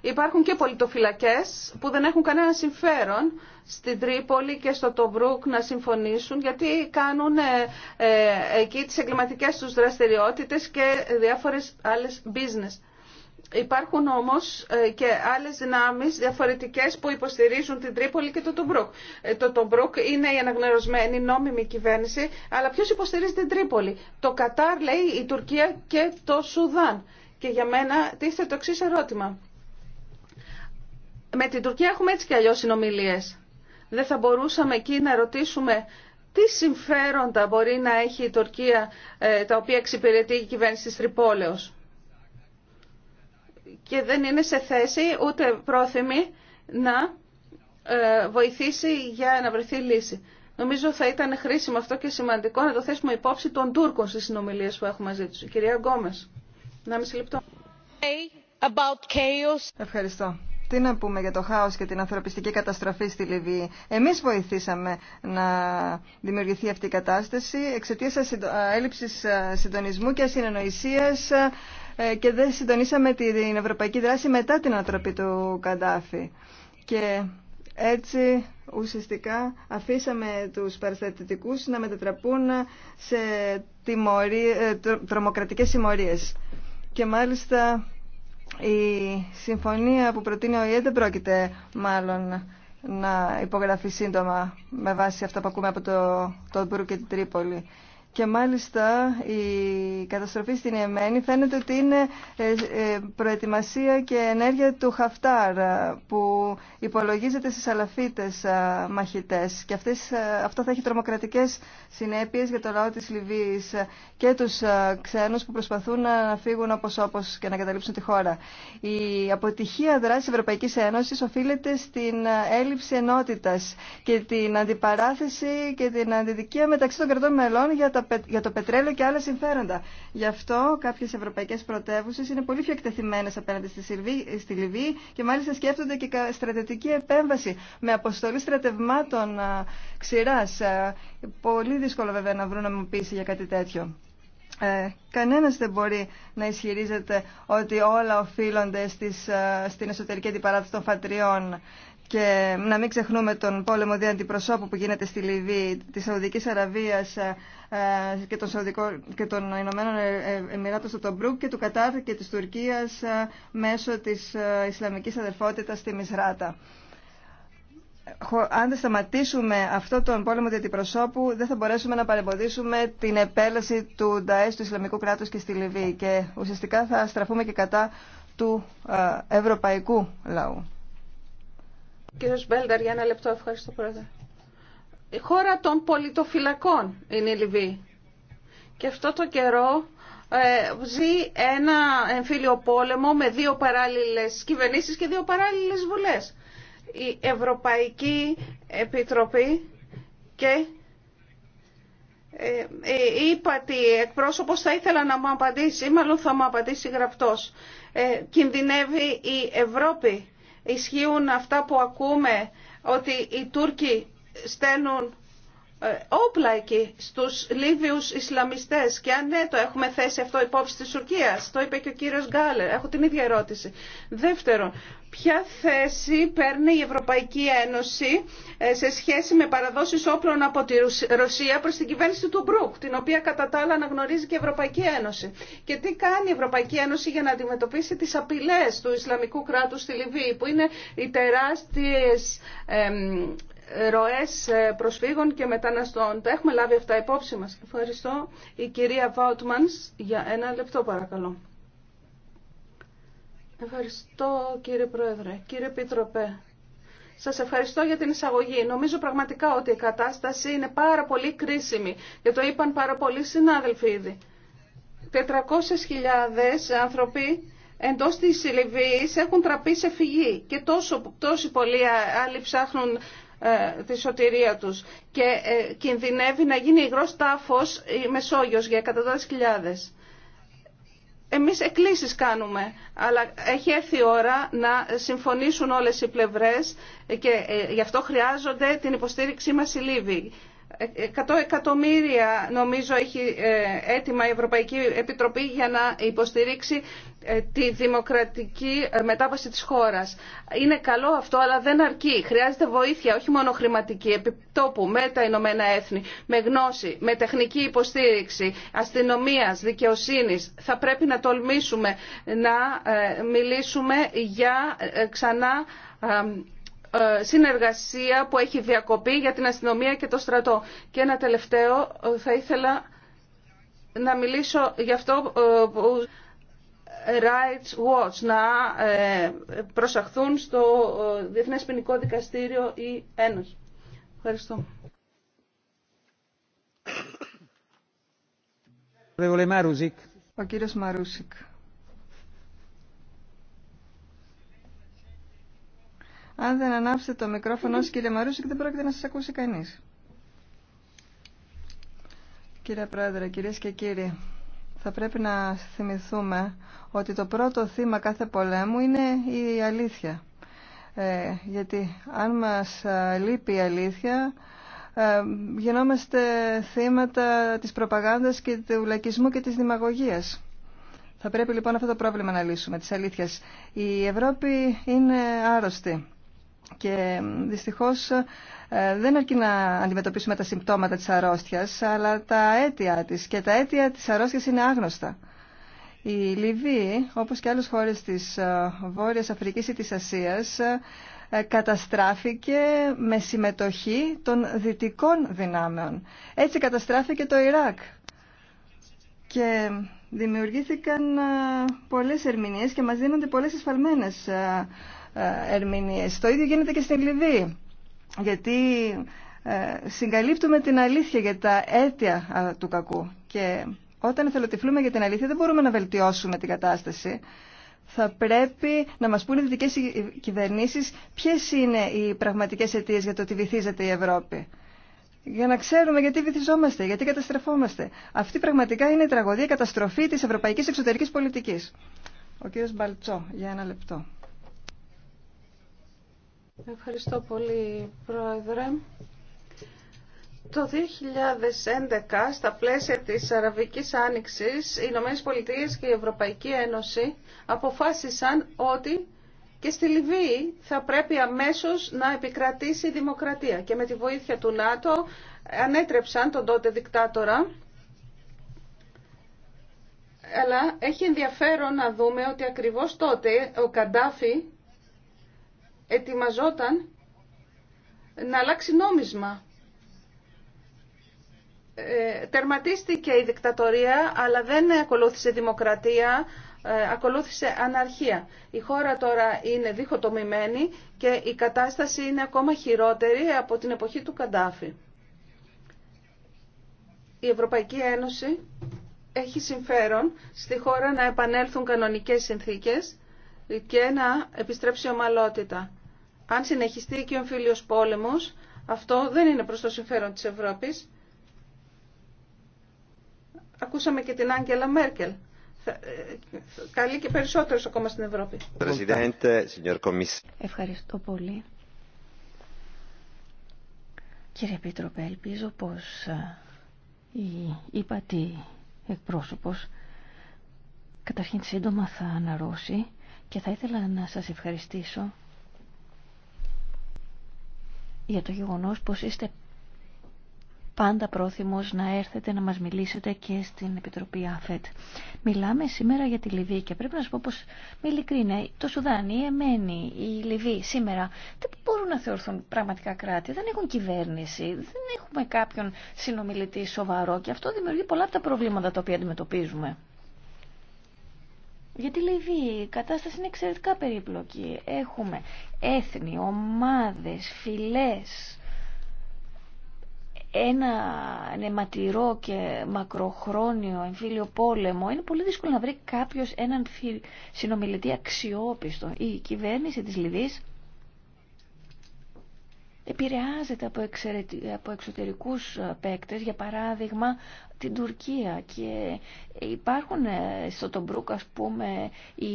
Υπάρχουν και πολιτοφυλακές που δεν έχουν κανένα συμφέρον στην Τρίπολη και στο Τομπρούκ να συμφωνήσουν γιατί κάνουν εκεί τις εγκληματικές τους δραστηριότητες και διάφορες άλλες business. Υπάρχουν όμως ε, και άλλες δυνάμεις διαφορετικές που υποστηρίζουν την Τρίπολη και το Τομπρούκ. Ε, το Τομπρούκ είναι η αναγνωρισμένη νόμιμη κυβέρνηση, αλλά ποιος υποστηρίζει την Τρίπολη. Το Κατάρ λέει η Τουρκία και το Σουδάν. Και για μένα τίθεται το εξή ερώτημα. Με την Τουρκία έχουμε έτσι και αλλιώς συνομιλίες. Δεν θα μπορούσαμε εκεί να ρωτήσουμε τι συμφέροντα μπορεί να έχει η Τουρκία ε, τα οποία εξυπηρετεί η κυβέρνηση της Τρυπόλεως και δεν είναι σε θέση ούτε πρόθυμη να ε, βοηθήσει για να βρεθεί λύση. Νομίζω θα ήταν χρήσιμο αυτό και σημαντικό να το θέσουμε υπόψη των Τούρκων στις συνομιλίες που έχουμε μαζί τους. κυρία κυρία Γκόμες, μισή λεπτό. Ευχαριστώ. Τι να πούμε για το χάος και την ανθρωπιστική καταστροφή στη Λιβύη. Εμείς βοηθήσαμε να δημιουργηθεί αυτή η κατάσταση εξαιτία έλλειψης συντονισμού και ασυνεννοησίας ε, και δεν συντονίσαμε την ευρωπαϊκή δράση μετά την ανατροπή του Καντάφη. Και έτσι ουσιαστικά αφήσαμε τους παραστατητικούς να μετατραπούν σε ε, τρομοκρατικέ τρομοκρατικές συμμορίες. Και μάλιστα η συμφωνία που προτείνει ο ΙΕ δεν πρόκειται μάλλον να υπογραφεί σύντομα με βάση αυτά που ακούμε από το, το και την Τρίπολη. Και μάλιστα η καταστροφή στην Ιεμένη φαίνεται ότι είναι ε, ε, προετοιμασία και ενέργεια του Χαφτάρ ε, που υπολογίζεται στις αλαφίτες μαχητές. Και αυτές, αυτό θα έχει τρομοκρατικές συνέπειες για το λαό της Λιβύης και τους ξένους που προσπαθούν να φύγουν όπως όπως και να καταλήψουν τη χώρα. Η αποτυχία δράσης Ευρωπαϊκής Ένωσης οφείλεται στην έλλειψη ενότητας και την αντιπαράθεση και την αντιδικία μεταξύ των κρατών μελών για τα για το πετρέλαιο και άλλα συμφέροντα. Γι' αυτό κάποιε ευρωπαϊκέ πρωτεύουσε είναι πολύ πιο εκτεθειμένε απέναντι στη, Συρβή, στη Λιβύη και μάλιστα σκέφτονται και στρατιωτική επέμβαση με αποστολή στρατευμάτων ξηρά. Ε, πολύ δύσκολο βέβαια να βρουν αμοιοποίηση για κάτι τέτοιο. Ε, κανένας δεν μπορεί να ισχυρίζεται ότι όλα οφείλονται στις, ε, στην εσωτερική αντιπαράθεση των φατριών και να μην ξεχνούμε τον πόλεμο δι' αντιπροσώπου που γίνεται στη Λιβύη, τη Σαουδική Αραβία ε, ε, και, των Σαουδικό, και των Ηνωμένων ε, Εμμυράτων στο Τομπρούκ και του Κατάρ και τη Τουρκία μέσω τη Ισλαμική Αδερφότητα στη Μισράτα. Αν δεν σταματήσουμε αυτό τον πόλεμο δι' αντιπροσώπου, δεν θα μπορέσουμε να παρεμποδίσουμε την επέλαση του Νταές του Ισλαμικού κράτους και στη Λιβύη και ουσιαστικά θα στραφούμε και κατά του ευρωπαϊκού λαού. Κύριο Μπέλντερ, για ένα λεπτό, ευχαριστώ πρόεδρε. Η χώρα των πολιτοφυλακών είναι η Λιβύη. Και αυτό το καιρό ε, ζει ένα εμφύλιο πόλεμο με δύο παράλληλες κυβερνήσεις και δύο παράλληλες βουλές. Η Ευρωπαϊκή Επιτροπή και είπα ε, ότι εκπρόσωπος θα ήθελα να μου απαντήσει ή μάλλον θα μου απαντήσει γραπτός. Ε, κινδυνεύει η Ευρώπη ισχύουν αυτά που ακούμε ότι οι Τούρκοι στέλνουν ε, όπλα εκεί στους Λίβιους Ισλαμιστές και αν ναι το έχουμε θέσει αυτό υπόψη της Τουρκίας το είπε και ο κύριος Γκάλερ έχω την ίδια ερώτηση δεύτερον ποια θέση παίρνει η Ευρωπαϊκή Ένωση ε, σε σχέση με παραδόσεις όπλων από τη Ρωσία προς την κυβέρνηση του Μπρουκ την οποία κατά τα άλλα αναγνωρίζει και η Ευρωπαϊκή Ένωση και τι κάνει η Ευρωπαϊκή Ένωση για να αντιμετωπίσει τις απειλές του Ισλαμικού κράτους στη Λιβύη που είναι οι τεράστιες ροές ε, προσφύγων και μεταναστών. Τα έχουμε λάβει αυτά υπόψη μας. Ευχαριστώ. Η κυρία Βάουτμανς για ένα λεπτό παρακαλώ. Ευχαριστώ κύριε Πρόεδρε. Κύριε Πίτροπε. Σας ευχαριστώ για την εισαγωγή. Νομίζω πραγματικά ότι η κατάσταση είναι πάρα πολύ κρίσιμη και το είπαν πάρα πολλοί συνάδελφοι ήδη. 400.000 άνθρωποι εντό της Λιβύη έχουν τραπεί σε φυγή και τόσο, τόσοι πολλοί άλλοι ψάχνουν ε, τη σωτηρία τους και ε, κινδυνεύει να γίνει υγρός τάφος η Μεσόγειος για εκατοντάδες χιλιάδες. Εμείς εκκλήσεις κάνουμε, αλλά έχει έρθει η ώρα να συμφωνήσουν όλες οι πλευρές και ε, γι' αυτό χρειάζονται την υποστήριξή μας οι Λίβοι. 100 εκατομμύρια νομίζω έχει ε, έτοιμα η Ευρωπαϊκή Επιτροπή για να υποστηρίξει ε, τη δημοκρατική ε, μετάβαση της χώρας. Είναι καλό αυτό, αλλά δεν αρκεί. Χρειάζεται βοήθεια, όχι μόνο χρηματική, επιτόπου, με τα Ηνωμένα Έθνη, με γνώση, με τεχνική υποστήριξη, αστυνομίας, δικαιοσύνης. Θα πρέπει να τολμήσουμε να μιλήσουμε για ξανά ε, συνεργασία που έχει διακοπεί για την αστυνομία και το στρατό. Και ένα τελευταίο, ε, θα ήθελα να μιλήσω για αυτό ε, που Rights Watch να προσαχθούν στο Διεθνές Ποινικό Δικαστήριο ή Ένωση. Ευχαριστώ. Ο κύριος Μαρούσικ. Αν δεν ανάψετε το μικρόφωνο σας κύριε Μαρούσικ δεν πρόκειται να σας ακούσει κανείς. Κύριε Πρόεδρε, κυρίες και κύριοι, θα πρέπει να θυμηθούμε ότι το πρώτο θύμα κάθε πολέμου είναι η αλήθεια. Ε, γιατί αν μας ε, λείπει η αλήθεια, ε, γινόμαστε θύματα της προπαγάνδας και του λακισμού και της δημαγωγίας. Θα πρέπει λοιπόν αυτό το πρόβλημα να λύσουμε, της αλήθειας. Η Ευρώπη είναι άρρωστη. Και δυστυχώς ε, δεν αρκεί να αντιμετωπίσουμε τα συμπτώματα της αρρώστιας, αλλά τα αίτια της. Και τα αίτια της αρρώστιας είναι άγνωστα. Η Λιβύη, όπως και άλλες χώρες της ε, Βόρειας Αφρικής ή της Ασίας, ε, καταστράφηκε με συμμετοχή των δυτικών δυνάμεων. Έτσι καταστράφηκε το Ιράκ. Και δημιουργήθηκαν πολλές ερμηνείες και μας δίνονται πολλές εσφαλμένες ερμηνείες. Το ίδιο γίνεται και στην Λιβύη, γιατί ε, συγκαλύπτουμε την αλήθεια για τα αίτια του κακού. Και όταν εθελοτυφλούμε για την αλήθεια δεν μπορούμε να βελτιώσουμε την κατάσταση. Θα πρέπει να μας πούνε οι δυτικές κυβερνήσεις ποιες είναι οι πραγματικές αιτίες για το ότι βυθίζεται η Ευρώπη. Για να ξέρουμε γιατί βυθιζόμαστε, γιατί καταστρεφόμαστε. Αυτή πραγματικά είναι η τραγωδία καταστροφή της ευρωπαϊκής εξωτερικής πολιτικής. Ο κύριος Μπαλτσό, για ένα λεπτό. Ευχαριστώ πολύ, Πρόεδρε. Το 2011, στα πλαίσια της Αραβικής Άνοιξης, οι Ηνωμένες Πολιτείες και η Ευρωπαϊκή Ένωση αποφάσισαν ότι και στη Λιβύη θα πρέπει αμέσως να επικρατήσει η δημοκρατία. Και με τη βοήθεια του ΝΑΤΟ ανέτρεψαν τον τότε δικτάτορα. Αλλά έχει ενδιαφέρον να δούμε ότι ακριβώς τότε ο Καντάφη ετοιμαζόταν να αλλάξει νόμισμα. Ε, τερματίστηκε η δικτατορία, αλλά δεν ακολούθησε δημοκρατία, ε, ακολούθησε αναρχία. Η χώρα τώρα είναι διχοτομημένη και η κατάσταση είναι ακόμα χειρότερη από την εποχή του Καντάφη. Η Ευρωπαϊκή Ένωση έχει συμφέρον στη χώρα να επανέλθουν κανονικές συνθήκες και να επιστρέψει ομαλότητα αν συνεχιστεί και ο εμφύλιος πόλεμος, αυτό δεν είναι προς το συμφέρον της Ευρώπης. Ακούσαμε και την Άγγελα Μέρκελ. Ε, Καλή και περισσότερος ακόμα στην Ευρώπη. Ευχαριστώ πολύ. Κύριε Επίτροπε, ελπίζω πως ε, η ύπατη εκπρόσωπος καταρχήν σύντομα θα αναρρώσει και θα ήθελα να σας ευχαριστήσω για το γεγονός πως είστε πάντα πρόθυμος να έρθετε να μας μιλήσετε και στην Επιτροπή ΑΦΕΤ. Μιλάμε σήμερα για τη Λιβύη και πρέπει να σας πω πως με ειλικρίνεια το Σουδάν, η Εμένη, η Λιβύη σήμερα δεν μπορούν να θεωρηθούν πραγματικά κράτη, δεν έχουν κυβέρνηση, δεν έχουμε κάποιον συνομιλητή σοβαρό και αυτό δημιουργεί πολλά από τα προβλήματα τα οποία αντιμετωπίζουμε. Γιατί λέει, Λιβύη η κατάσταση είναι εξαιρετικά περίπλοκη. Έχουμε έθνη, ομάδες, φυλές, ένα νεματηρό και μακροχρόνιο εμφύλιο πόλεμο. Είναι πολύ δύσκολο να βρει κάποιος έναν συνομιλητή αξιόπιστο. Η κυβέρνηση της Λιβύης επηρεάζεται από, εξαιρετι... από εξωτερικούς ε, παίκτες, για παράδειγμα την Τουρκία και υπάρχουν ε, στο Τομπρούκ ας πούμε η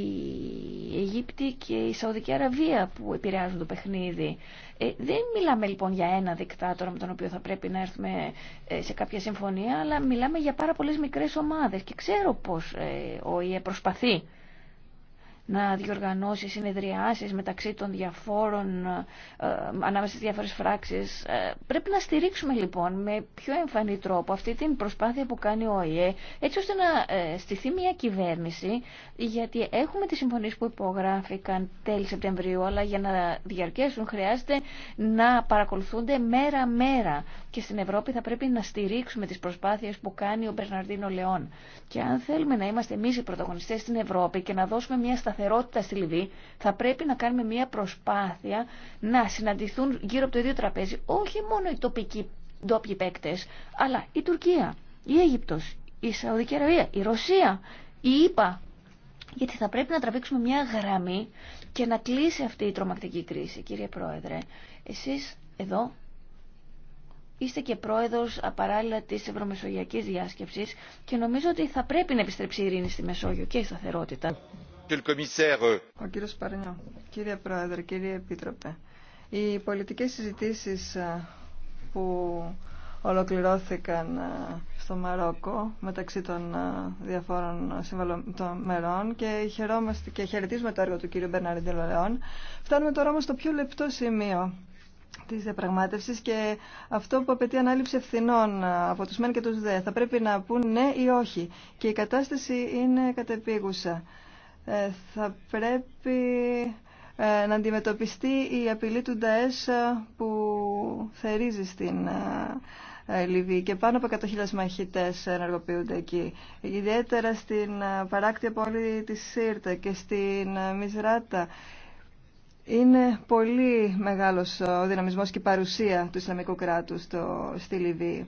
Αιγύπτη και η Σαουδική Αραβία που επηρεάζουν το παιχνίδι. Ε, δεν μιλάμε λοιπόν για ένα δικτάτορα με τον οποίο θα πρέπει να έρθουμε σε κάποια συμφωνία, αλλά μιλάμε για πάρα πολλές μικρές ομάδες και ξέρω πως ο ΙΕ προσπαθεί να διοργανώσει συνεδριάσεις μεταξύ των διαφόρων, ε, ε, ανάμεσα στις διάφορες φράξεις. Ε, πρέπει να στηρίξουμε λοιπόν με πιο εμφανή τρόπο αυτή την προσπάθεια που κάνει ο ΟΗΕ, έτσι ώστε να στηθεί μια κυβέρνηση, γιατί έχουμε τις συμφωνίες που υπογράφηκαν τέλη Σεπτεμβρίου, αλλά για να διαρκέσουν χρειάζεται να παρακολουθούνται μέρα-μέρα και στην Ευρώπη θα πρέπει να στηρίξουμε τις προσπάθειες που κάνει ο Μπερναρδίνο Λεόν. Και αν θέλουμε να είμαστε εμείς οι πρωταγωνιστές στην Ευρώπη και να δώσουμε μια σταθερότητα στη Λιβύη, θα πρέπει να κάνουμε μια προσπάθεια να συναντηθούν γύρω από το ίδιο τραπέζι όχι μόνο οι τοπικοί ντόπιοι παίκτε, αλλά η Τουρκία, η Αίγυπτος, η Σαουδική Αραβία, η Ρωσία, η ΙΠΑ, γιατί θα πρέπει να τραβήξουμε μια γραμμή και να κλείσει αυτή η τρομακτική κρίση. Κύριε Πρόεδρε, εσείς εδώ Είστε και πρόεδρος απαράλληλα της Ευρωμεσογειακής Διάσκεψης και νομίζω ότι θα πρέπει να επιστρέψει η ειρήνη στη Μεσόγειο και η σταθερότητα. Euh, Ο κύριος Παρνιό, κύριε Πρόεδρε, κύριε Επίτροπε, οι πολιτικές συζητήσεις ε, που ολοκληρώθηκαν ε, στο Μαρόκο μεταξύ των ε, διαφόρων των μερών και και χαιρετίζουμε το έργο του κύριου Μπερναρντελολεόν. Φτάνουμε τώρα όμως στο πιο λεπτό σημείο της διαπραγμάτευσης και αυτό που απαιτεί ανάληψη ευθυνών ε, από τους μεν και τους δε. Θα πρέπει να πούν ναι ή όχι. Και η κατάσταση είναι κατεπίγουσα. Ε, θα πρέπει ε, να αντιμετωπιστεί η απειλή του ΝΤΑΕΣ που θερίζει στην Λιβύη και πάνω από 100.000 μαχητές ενεργοποιούνται εκεί. Ιδιαίτερα στην παράκτια πόλη της Σύρτα και στην Μισράτα. Είναι πολύ μεγάλος ο δυναμισμός και η παρουσία του Ισλαμικού κράτους στο, στη Λιβύη.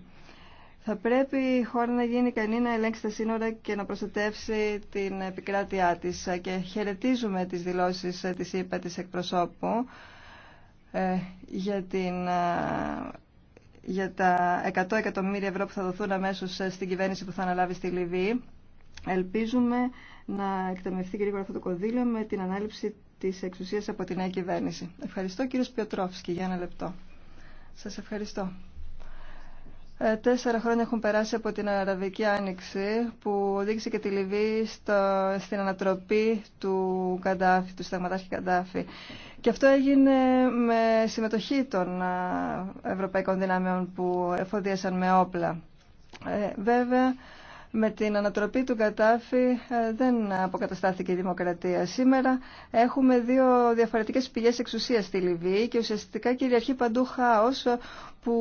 Θα πρέπει η χώρα να γίνει κανεί να ελέγξει τα σύνορα και να προστατεύσει την επικράτειά της. Και χαιρετίζουμε τις δηλώσεις ε, της ΥΠΑ της εκπροσώπου ε, για, την, ε, για τα 100 εκατομμύρια ευρώ που θα δοθούν αμέσως στην κυβέρνηση που θα αναλάβει στη Λιβύη. Ελπίζουμε να εκτεμευτεί γρήγορα αυτό το κονδύλιο με την ανάληψη τη εξουσίας από τη νέα κυβέρνηση. Ευχαριστώ κύριος Πιοτρόφσκι για ένα λεπτό. Σας ευχαριστώ. Ε, τέσσερα χρόνια έχουν περάσει από την Αραβική Άνοιξη που οδήγησε και τη Λιβύη στην ανατροπή του Καντάφη, του σταγματάρχη Καντάφη. Και αυτό έγινε με συμμετοχή των ευρωπαϊκών δυνάμεων που εφοδίασαν με όπλα. Ε, βέβαια, με την ανατροπή του Κατάφη ε, δεν αποκαταστάθηκε η δημοκρατία. Σήμερα έχουμε δύο διαφορετικές πηγές εξουσίας στη Λιβύη και ουσιαστικά κυριαρχεί παντού χάος που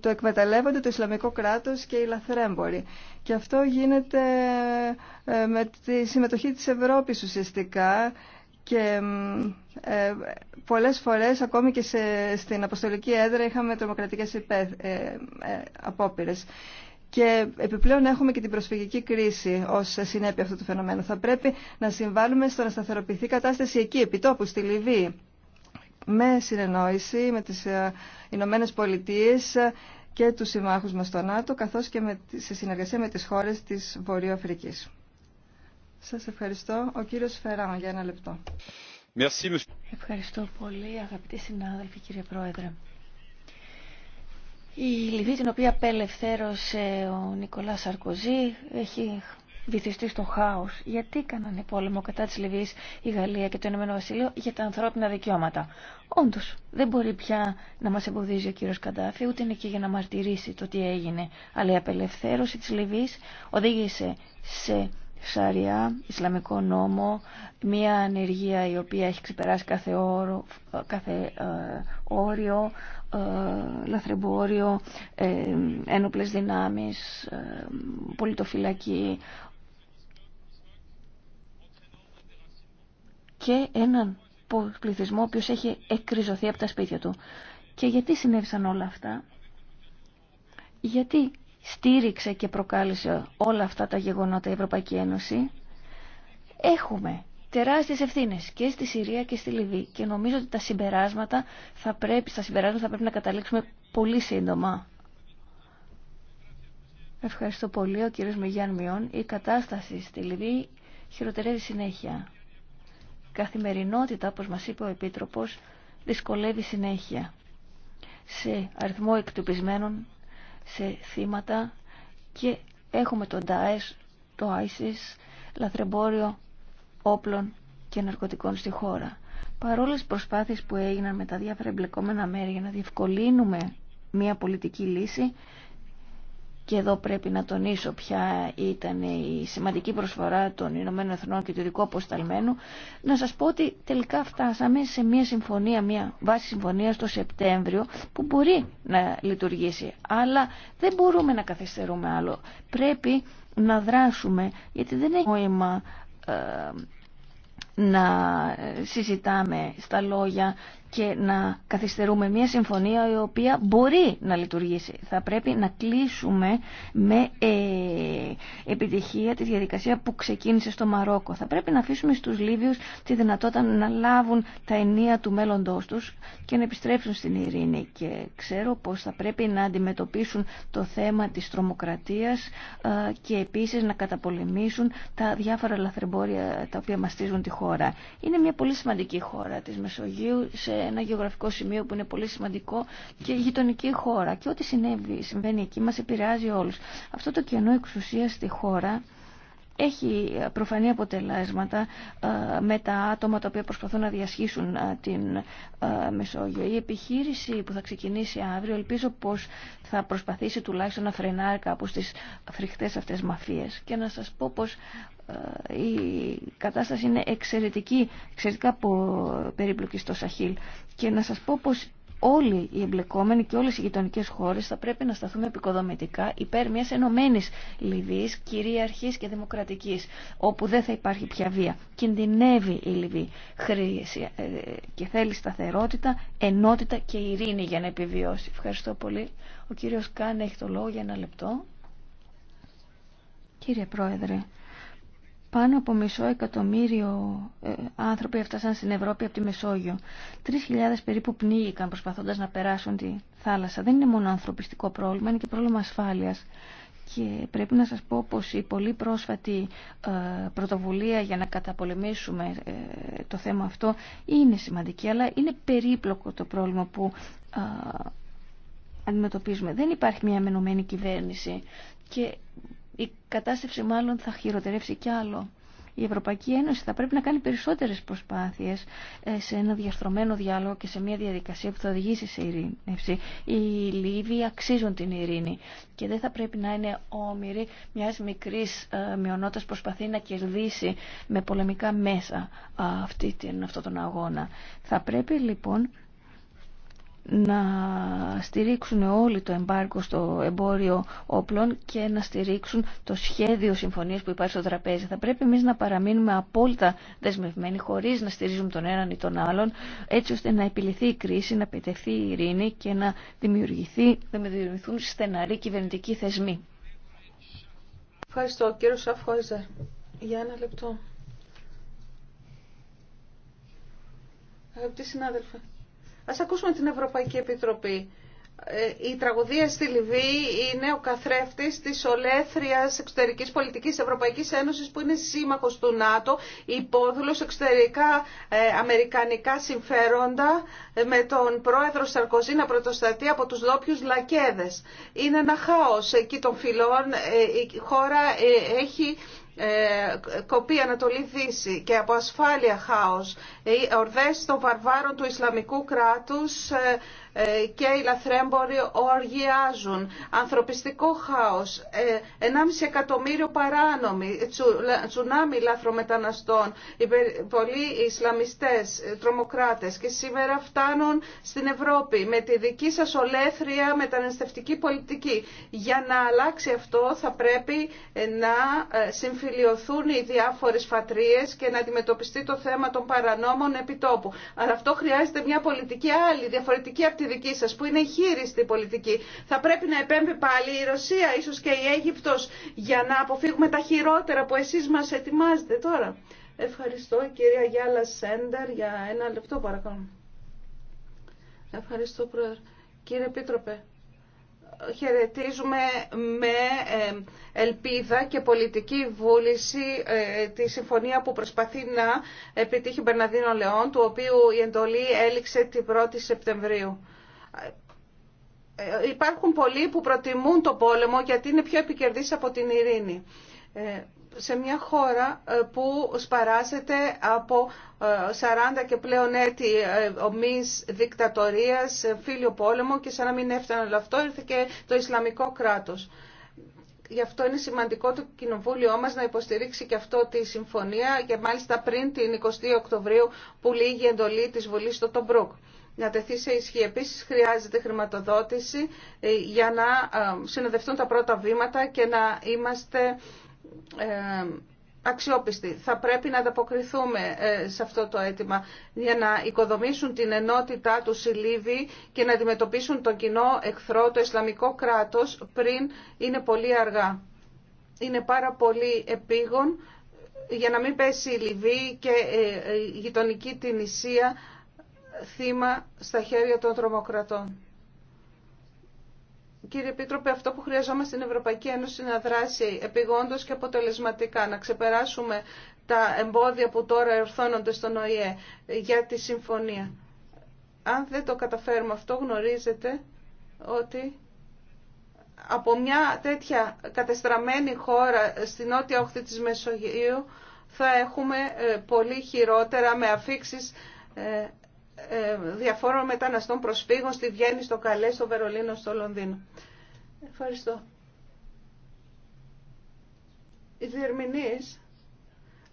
το εκμεταλλεύονται το Ισλαμικό κράτος και οι λαθρέμποροι. Και αυτό γίνεται ε, με τη συμμετοχή της Ευρώπης ουσιαστικά και ε, ε πολλές φορές ακόμη και στην αποστολική έδρα είχαμε τρομοκρατικές υπέ, και επιπλέον έχουμε και την προσφυγική κρίση ω συνέπεια αυτού του φαινομένου. Θα πρέπει να συμβάλλουμε στο να σταθεροποιηθεί η κατάσταση εκεί, επί τόπου, στη Λιβύη. Με συνεννόηση με τι ε, Ηνωμένε Πολιτείε και του συμμάχου μα στο ΝΑΤΟ, καθώ και σε συνεργασία με τι χώρε τη Βορειοαφρική. Σα ευχαριστώ. Ο κύριο Φεράν, για ένα λεπτό. Ευχαριστώ πολύ, αγαπητοί συνάδελφοι, κύριε Πρόεδρε. Η Λιβύη την οποία απελευθέρωσε ο Νικολά Σαρκοζή έχει βυθιστεί στο χάος. Γιατί έκαναν πόλεμο κατά τη Λιβύης η Γαλλία και το Ηνωμένο Βασίλειο για τα ανθρώπινα δικαιώματα. Όντω. δεν μπορεί πια να μας εμποδίζει ο κύριο Καντάφη, ούτε είναι εκεί για να μαρτυρήσει το τι έγινε. Αλλά η απελευθέρωση τη Λιβύη οδήγησε σε Σαριά, Ισλαμικό νόμο, μια ανεργία η οποία έχει ξεπεράσει κάθε, όρο, κάθε ε, όριο, ε, λαθρεμπόριο, ε, ένοπλες δυνάμεις, ε, πολιτοφυλακή και έναν πληθυσμό ο οποίος έχει εκκριζωθεί από τα σπίτια του. Και γιατί συνέβησαν όλα αυτά. Γιατί στήριξε και προκάλεσε όλα αυτά τα γεγονότα η Ευρωπαϊκή Ένωση. Έχουμε τεράστιες ευθύνες και στη Συρία και στη Λιβύη και νομίζω ότι τα συμπεράσματα θα πρέπει, στα συμπεράσματα θα πρέπει να καταλήξουμε πολύ σύντομα. Ευχαριστώ πολύ ο κύριος Μεγιάν Μιών. Η κατάσταση στη Λιβύη χειροτερεύει συνέχεια. Καθημερινότητα, όπως μας είπε ο Επίτροπος, δυσκολεύει συνέχεια σε αριθμό εκτυπισμένων, σε θύματα και έχουμε τον ΤΑΕΣ, το ISIS, λαθρεμπόριο όπλων και ναρκωτικών στη χώρα. Παρόλε τι προσπάθειες που έγιναν με τα διάφορα εμπλεκόμενα μέρη για να διευκολύνουμε μια πολιτική λύση, και εδώ πρέπει να τονίσω ποια ήταν η σημαντική προσφορά των Ηνωμένων Εθνών και του ειδικού αποσταλμένου, να σας πω ότι τελικά φτάσαμε σε μια συμφωνία, μια βάση συμφωνία το Σεπτέμβριο που μπορεί να λειτουργήσει. Αλλά δεν μπορούμε να καθυστερούμε άλλο. Πρέπει να δράσουμε, γιατί δεν έχει νόημα ε, να συζητάμε στα λόγια και να καθυστερούμε μια συμφωνία η οποία μπορεί να λειτουργήσει. Θα πρέπει να κλείσουμε με ε, επιτυχία τη διαδικασία που ξεκίνησε στο Μαρόκο. Θα πρέπει να αφήσουμε στους Λίβιους τη δυνατότητα να λάβουν τα ενία του μέλλοντός τους και να επιστρέψουν στην ειρήνη. Και ξέρω πως θα πρέπει να αντιμετωπίσουν το θέμα της τρομοκρατίας ε, και επίσης να καταπολεμήσουν τα διάφορα λαθρεμπόρια τα οποία μαστίζουν τη χώρα. Είναι μια πολύ σημαντική χώρα της Μεσογείου σε ένα γεωγραφικό σημείο που είναι πολύ σημαντικό και γειτονική χώρα. Και ό,τι συμβαίνει εκεί μας επηρεάζει όλους. Αυτό το κενό εξουσία στη χώρα έχει προφανή αποτελέσματα ε, με τα άτομα τα οποία προσπαθούν να διασχίσουν ε, την ε, Μεσόγειο. Η επιχείρηση που θα ξεκινήσει αύριο ελπίζω πως θα προσπαθήσει τουλάχιστον να φρενάρει κάπως τις φρικτές αυτές μαφίες. Και να σας πω πως η κατάσταση είναι εξαιρετική, εξαιρετικά περίπλοκη στο Σαχίλ. Και να σας πω πως όλοι οι εμπλεκόμενοι και όλες οι γειτονικές χώρες θα πρέπει να σταθούμε επικοδομητικά υπέρ μιας ενωμένης Λιβύης, κυρίαρχης και δημοκρατικής, όπου δεν θα υπάρχει πια βία. Κινδυνεύει η Λιβύη ε, και θέλει σταθερότητα, ενότητα και ειρήνη για να επιβιώσει. Ευχαριστώ πολύ. Ο κύριος Κάν έχει το λόγο για ένα λεπτό. Κύριε Πρόεδρε, πάνω από μισό εκατομμύριο ε, άνθρωποι έφτασαν στην Ευρώπη από τη Μεσόγειο. Τρεις χιλιάδες περίπου πνίγηκαν προσπαθώντας να περάσουν τη θάλασσα. Δεν είναι μόνο ανθρωπιστικό πρόβλημα, είναι και πρόβλημα ασφάλειας. Και πρέπει να σας πω πως η πολύ πρόσφατη ε, πρωτοβουλία για να καταπολεμήσουμε ε, το θέμα αυτό είναι σημαντική, αλλά είναι περίπλοκο το πρόβλημα που αντιμετωπίζουμε. Δεν υπάρχει μια μενωμένη κυβέρνηση και η κατάσταση μάλλον θα χειροτερεύσει κι άλλο. Η Ευρωπαϊκή Ένωση θα πρέπει να κάνει περισσότερες προσπάθειες ε, σε ένα διαστρωμένο διάλογο και σε μια διαδικασία που θα οδηγήσει σε ειρήνευση. Οι Λίβοι αξίζουν την ειρήνη και δεν θα πρέπει να είναι όμοιροι μιας μικρής ε, μειονότητας προσπαθεί να κερδίσει με πολεμικά μέσα αυτή, αυτό τον αγώνα. Θα πρέπει λοιπόν να στηρίξουν όλοι το εμπάρκο στο εμπόριο όπλων και να στηρίξουν το σχέδιο συμφωνίας που υπάρχει στο τραπέζι. Θα πρέπει εμείς να παραμείνουμε απόλυτα δεσμευμένοι χωρίς να στηρίζουμε τον έναν ή τον άλλον έτσι ώστε να επιληθεί η κρίση, να πετευθεί η κριση να επιτεθει η ειρηνη και να, δημιουργηθεί, να δημιουργηθούν στεναροί κυβερνητικοί θεσμοί. Ευχαριστώ κύριο Σαφχόιζερ. Για ένα λεπτό. Αγαπητοί συνάδελφοι, Ας ακούσουμε την Ευρωπαϊκή Επιτροπή. Ε, η τραγωδία στη Λιβύη είναι ο καθρέφτης της ολέθριας εξωτερικής πολιτικής Ευρωπαϊκής Ένωσης που είναι σύμμαχος του ΝΑΤΟ, υπόδουλος εξωτερικά ε, αμερικανικά συμφέροντα ε, με τον πρόεδρο Σαρκοζή να πρωτοστατεί από τους δόπιους λακέδες. Είναι ένα χάος εκεί των φυλών. η χώρα έχει ε, κοπή Ανατολή-Δύση και από ασφάλεια χάος. Οι ορδές των βαρβάρων του Ισλαμικού κράτους ε, ε, και οι λαθρέμποροι οργιάζουν. Ανθρωπιστικό χάος, 1,5 ε, εκατομμύριο παράνομοι, τσουνάμι λαθρομεταναστών, πολλοί Ισλαμιστές, ε, τρομοκράτες και σήμερα φτάνουν στην Ευρώπη με τη δική σας ολέθρια μεταναστευτική πολιτική. Για να αλλάξει αυτό θα πρέπει να συμφιλειωθούν οι διάφορες φατρίες και να αντιμετωπιστεί το θέμα των παρανόμων επιτόπου. Αλλά αυτό χρειάζεται μια πολιτική άλλη, διαφορετική από τη δική σας που είναι χείριστη πολιτική. Θα πρέπει να επέμπει πάλι η Ρωσία, ίσως και η Αίγυπτος για να αποφύγουμε τα χειρότερα που εσείς μας ετοιμάζετε τώρα. Ευχαριστώ κυρία Γιάλα Σέντερ για ένα λεπτό παρακαλώ. Ευχαριστώ πρόεδρε. Κύριε Επίτροπε, χαιρετίζουμε με ε, ελπίδα και πολιτική βούληση ε, τη συμφωνία που προσπαθεί να επιτύχει Μπερναδίνο Λεόν, του οποίου η εντολή έληξε την 1η Σεπτεμβρίου. Ε, υπάρχουν πολλοί που προτιμούν το πόλεμο γιατί είναι πιο επικερδής από την ειρήνη σε μια χώρα ε, που σπαράζεται από 40 ε, και πλέον έτη ε, ομής δικτατορίας, φίλιο πόλεμο και σαν να μην έφτανε όλο αυτό ήρθε και το Ισλαμικό κράτος. Γι' αυτό είναι σημαντικό το Κοινοβούλιο μας να υποστηρίξει και αυτό τη συμφωνία και μάλιστα πριν την 22 Οκτωβρίου που λύγει η εντολή της Βουλής στο Τομπρούκ. Να τεθεί σε ισχύ. Επίση, χρειάζεται χρηματοδότηση για να συνοδευτούν τα πρώτα βήματα και να είμαστε αξιόπιστη. Θα πρέπει να ανταποκριθούμε ε, σε αυτό το αίτημα για να οικοδομήσουν την ενότητά του οι και να αντιμετωπίσουν τον κοινό εχθρό, το Ισλαμικό κράτος, πριν είναι πολύ αργά. Είναι πάρα πολύ επίγον ε, για να μην πέσει η Λιβύη και ε, η γειτονική την θύμα στα χέρια των τρομοκρατών. Κύριε Επίτροπε, αυτό που χρειαζόμαστε στην Ευρωπαϊκή Ένωση να δράσει επιγόντως και αποτελεσματικά, να ξεπεράσουμε τα εμπόδια που τώρα ερθώνονται στον ΟΗΕ για τη συμφωνία. Αν δεν το καταφέρουμε αυτό, γνωρίζετε ότι από μια τέτοια κατεστραμμένη χώρα στην νότια όχθη της Μεσογείου θα έχουμε ε, πολύ χειρότερα με αφήξεις ε, ε, διαφόρων μεταναστών προσφύγων στη Βιέννη, στο Καλέ, στο Βερολίνο, στο Λονδίνο. Ευχαριστώ. Οι διερμηνείς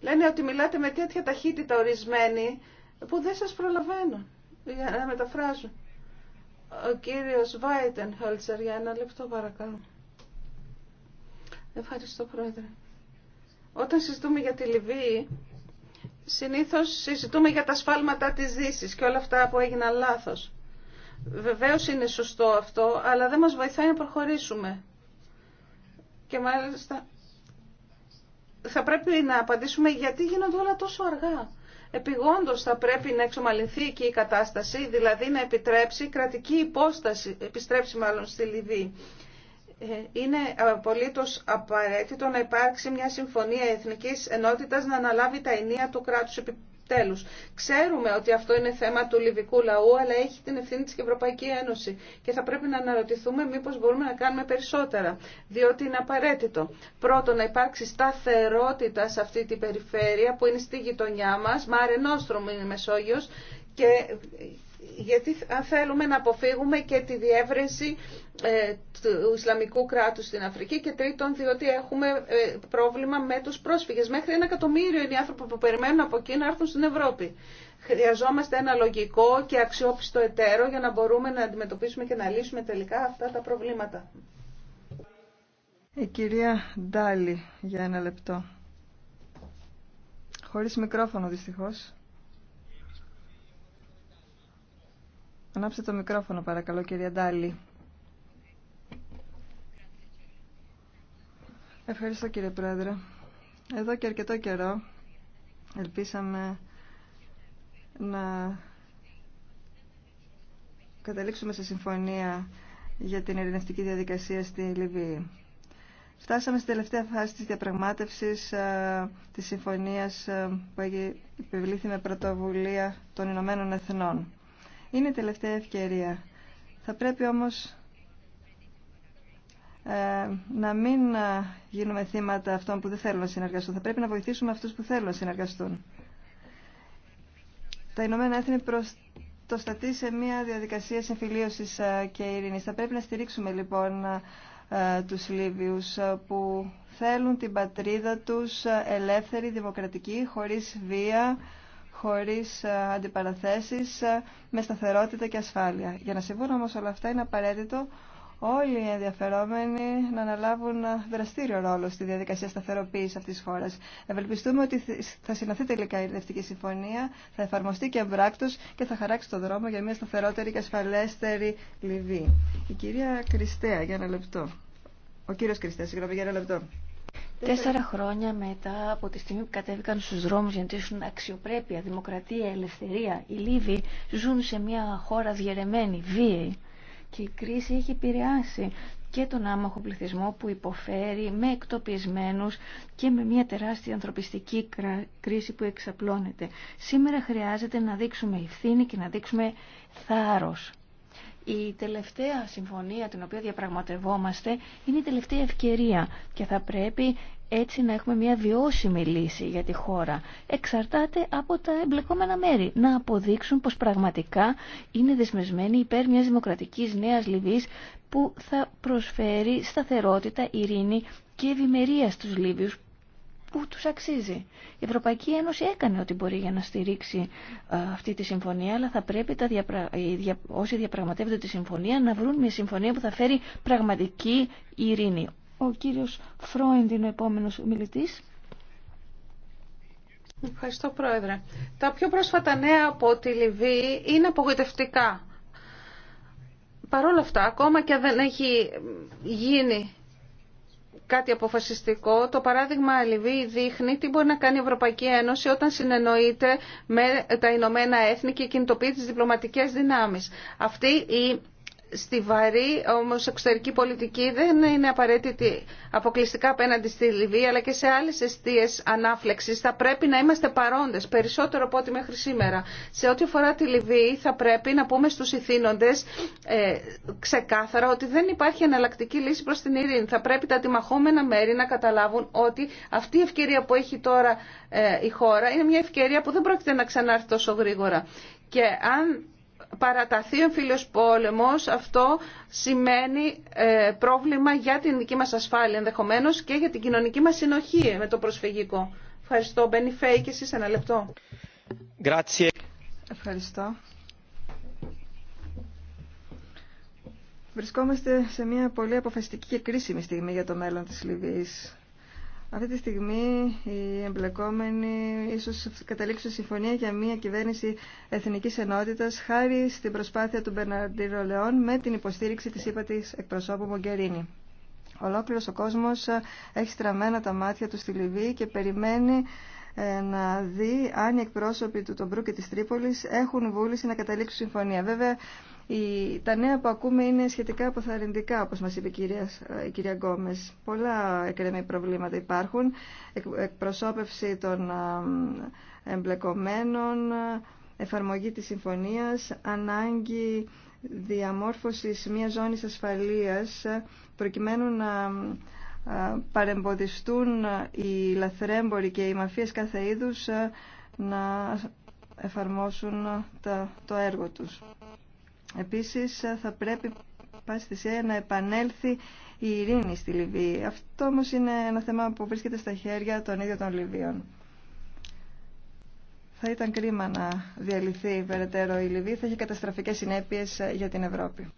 λένε ότι μιλάτε με τέτοια ταχύτητα ορισμένοι που δεν σας προλαβαίνω για να μεταφράζω. Ο κύριος Βάιτεν Χόλτσερ, για ένα λεπτό παρακαλώ. Ευχαριστώ πρόεδρε. Όταν συζητούμε για τη Λιβύη, συνήθως συζητούμε για τα σφάλματα της Δύσης και όλα αυτά που έγιναν λάθος. Βεβαίως είναι σωστό αυτό, αλλά δεν μας βοηθάει να προχωρήσουμε. Και μάλιστα θα πρέπει να απαντήσουμε γιατί γίνονται όλα τόσο αργά. Επιγόντως θα πρέπει να εξομαλυνθεί εκεί η κατάσταση, δηλαδή να επιτρέψει κρατική υπόσταση, επιστρέψει μάλλον στη Λιβύη. Ε, είναι απολύτως απαραίτητο να υπάρξει μια συμφωνία εθνικής ενότητας να αναλάβει τα ενία του κράτους επιτέλους. Ξέρουμε ότι αυτό είναι θέμα του λιβικού λαού, αλλά έχει την ευθύνη της και Ευρωπαϊκή Ένωση και θα πρέπει να αναρωτηθούμε μήπως μπορούμε να κάνουμε περισσότερα, διότι είναι απαραίτητο. Πρώτον, να υπάρξει σταθερότητα σε αυτή την περιφέρεια που είναι στη γειτονιά μας, Μάρε Νόστρομ είναι η Μεσόγειος, και γιατί αν θέλουμε να αποφύγουμε και τη διεύρυνση ε, του Ισλαμικού κράτου στην Αφρική και τρίτον διότι έχουμε ε, πρόβλημα με τους πρόσφυγες. Μέχρι ένα εκατομμύριο είναι οι άνθρωποι που περιμένουν από εκεί να έρθουν στην Ευρώπη. Χρειαζόμαστε ένα λογικό και αξιόπιστο εταίρο για να μπορούμε να αντιμετωπίσουμε και να λύσουμε τελικά αυτά τα προβλήματα. Η ε, κυρία Ντάλη για ένα λεπτό. Χωρίς μικρόφωνο δυστυχώς. Ανάψτε το μικρόφωνο παρακαλώ κυρία Ντάλη. Ευχαριστώ κύριε Πρόεδρε. Εδώ και αρκετό καιρό ελπίσαμε να καταλήξουμε σε συμφωνία για την ειρηνευτική διαδικασία στη Λιβύη. Φτάσαμε στη τελευταία φάση της διαπραγμάτευσης ε, της συμφωνίας ε, που επιβλήθη με πρωτοβουλία των Ηνωμένων Εθνών. Είναι η τελευταία ευκαιρία. Θα πρέπει όμως ε, να μην ε, γίνουμε θύματα αυτών που δεν θέλουν να συνεργαστούν. Θα πρέπει να βοηθήσουμε αυτούς που θέλουν να συνεργαστούν. Τα Ηνωμένα Έθνη προστατεί σε μια διαδικασία συμφιλίωσης ε, και ειρήνης. Θα πρέπει να στηρίξουμε λοιπόν τους Λίβιους που θέλουν την πατρίδα τους ελεύθερη, δημοκρατική, χωρίς βία, χωρίς αντιπαραθέσεις, με σταθερότητα και ασφάλεια. Για να συμβούν όμως όλα αυτά είναι απαραίτητο όλοι οι ενδιαφερόμενοι να αναλάβουν δραστήριο ρόλο στη διαδικασία σταθεροποίηση αυτή τη χώρα. Ευελπιστούμε ότι θα συναθεί τελικά η Ειρηνευτική Συμφωνία, θα εφαρμοστεί και εμπράκτο και θα χαράξει το δρόμο για μια σταθερότερη και ασφαλέστερη Λιβύη. Η κυρία Κριστέα, για ένα λεπτό. Ο κύριο Κριστέα, συγγνώμη, για ένα λεπτό. Τέσσερα χρόνια μετά από τη στιγμή που κατέβηκαν στους δρόμους για να τήσουν αξιοπρέπεια, δημοκρατία, ελευθερία, οι Λίβοι ζουν σε μια χώρα διαιρεμένη, βίαιη η κρίση έχει επηρεάσει και τον άμαχο πληθυσμό που υποφέρει με εκτοπισμένους και με μια τεράστια ανθρωπιστική κρίση που εξαπλώνεται. Σήμερα χρειάζεται να δείξουμε ευθύνη και να δείξουμε θάρρος. Η τελευταία συμφωνία την οποία διαπραγματευόμαστε είναι η τελευταία ευκαιρία και θα πρέπει έτσι να έχουμε μια βιώσιμη λύση για τη χώρα. Εξαρτάται από τα εμπλεκόμενα μέρη να αποδείξουν πως πραγματικά είναι δεσμευμένοι υπέρ μιας δημοκρατικής νέας Λιβύης που θα προσφέρει σταθερότητα, ειρήνη και ευημερία στους Λίβιους που τους αξίζει. Η Ευρωπαϊκή Ένωση έκανε ό,τι μπορεί για να στηρίξει ε, αυτή τη συμφωνία, αλλά θα πρέπει τα όσοι διαπραγματεύονται τη συμφωνία να βρουν μια συμφωνία που θα φέρει πραγματική ειρήνη. Ο κύριος Φρόιντ είναι ο επόμενος μιλητής. Ευχαριστώ Πρόεδρε. Τα πιο πρόσφατα νέα από τη Λιβύη είναι απογοητευτικά. Παρ' όλα αυτά, ακόμα και αν δεν έχει γίνει κάτι αποφασιστικό, το παράδειγμα Λιβύη δείχνει τι μπορεί να κάνει η Ευρωπαϊκή Ένωση όταν συνεννοείται με τα Ηνωμένα Έθνη και κινητοποιεί τις διπλωματικές δυνάμεις. Αυτή η Στη βαρύ όμως εξωτερική πολιτική δεν είναι απαραίτητη αποκλειστικά απέναντι στη Λιβύη αλλά και σε άλλες αιστείες ανάφλεξης θα πρέπει να είμαστε παρόντες περισσότερο από ό,τι μέχρι σήμερα. Σε ό,τι αφορά τη Λιβύη θα πρέπει να πούμε στους ηθήνοντες ε, ξεκάθαρα ότι δεν υπάρχει εναλλακτική λύση προς την ειρήνη. Θα πρέπει τα αντιμαχόμενα μέρη να καταλάβουν ότι αυτή η ευκαιρία που έχει τώρα ε, η χώρα είναι μια ευκαιρία που δεν πρόκειται να ξανάρθει τόσο γρήγορα. Και αν παραταθεί ο φίλος πόλεμος, αυτό σημαίνει ε, πρόβλημα για την δική μας ασφάλεια ενδεχομένως και για την κοινωνική μας συνοχή με το προσφυγικό. Ευχαριστώ. Μπένι και εσείς ένα λεπτό. Ευχαριστώ. Βρισκόμαστε σε μια πολύ αποφασιστική και κρίσιμη στιγμή για το μέλλον της Λιβύης. Αυτή τη στιγμή οι εμπλεκόμενοι ίσως καταλήξουν συμφωνία για μια κυβέρνηση εθνικής ενότητας χάρη στην προσπάθεια του Μπερναρντίνο Λεόν με την υποστήριξη της ύπατης εκπροσώπου Μογκερίνη. Ολόκληρος ο κόσμος έχει στραμμένα τα μάτια του στη Λιβύη και περιμένει ε, να δει αν οι εκπρόσωποι του Τομπρού και της Τρίπολης έχουν βούληση να καταλήξουν συμφωνία. Βέβαια, τα νέα που ακούμε είναι σχετικά αποθαρρυντικά, όπως μας είπε η κυρία, η Γκόμες. Πολλά εκκρεμή προβλήματα υπάρχουν. εκπροσώπευση των εμπλεκομένων, εφαρμογή της συμφωνίας, ανάγκη διαμόρφωσης μια ζώνης ασφαλείας, προκειμένου να παρεμποδιστούν οι λαθρέμποροι και οι μαφίες κάθε είδους να εφαρμόσουν το έργο τους. Επίσης θα πρέπει πάση θυσία να επανέλθει η ειρήνη στη Λιβύη. Αυτό όμω είναι ένα θέμα που βρίσκεται στα χέρια των ίδιων των Λιβύων. Θα ήταν κρίμα να διαλυθεί περαιτέρω η Λιβύη, θα έχει καταστραφικές συνέπειες για την Ευρώπη.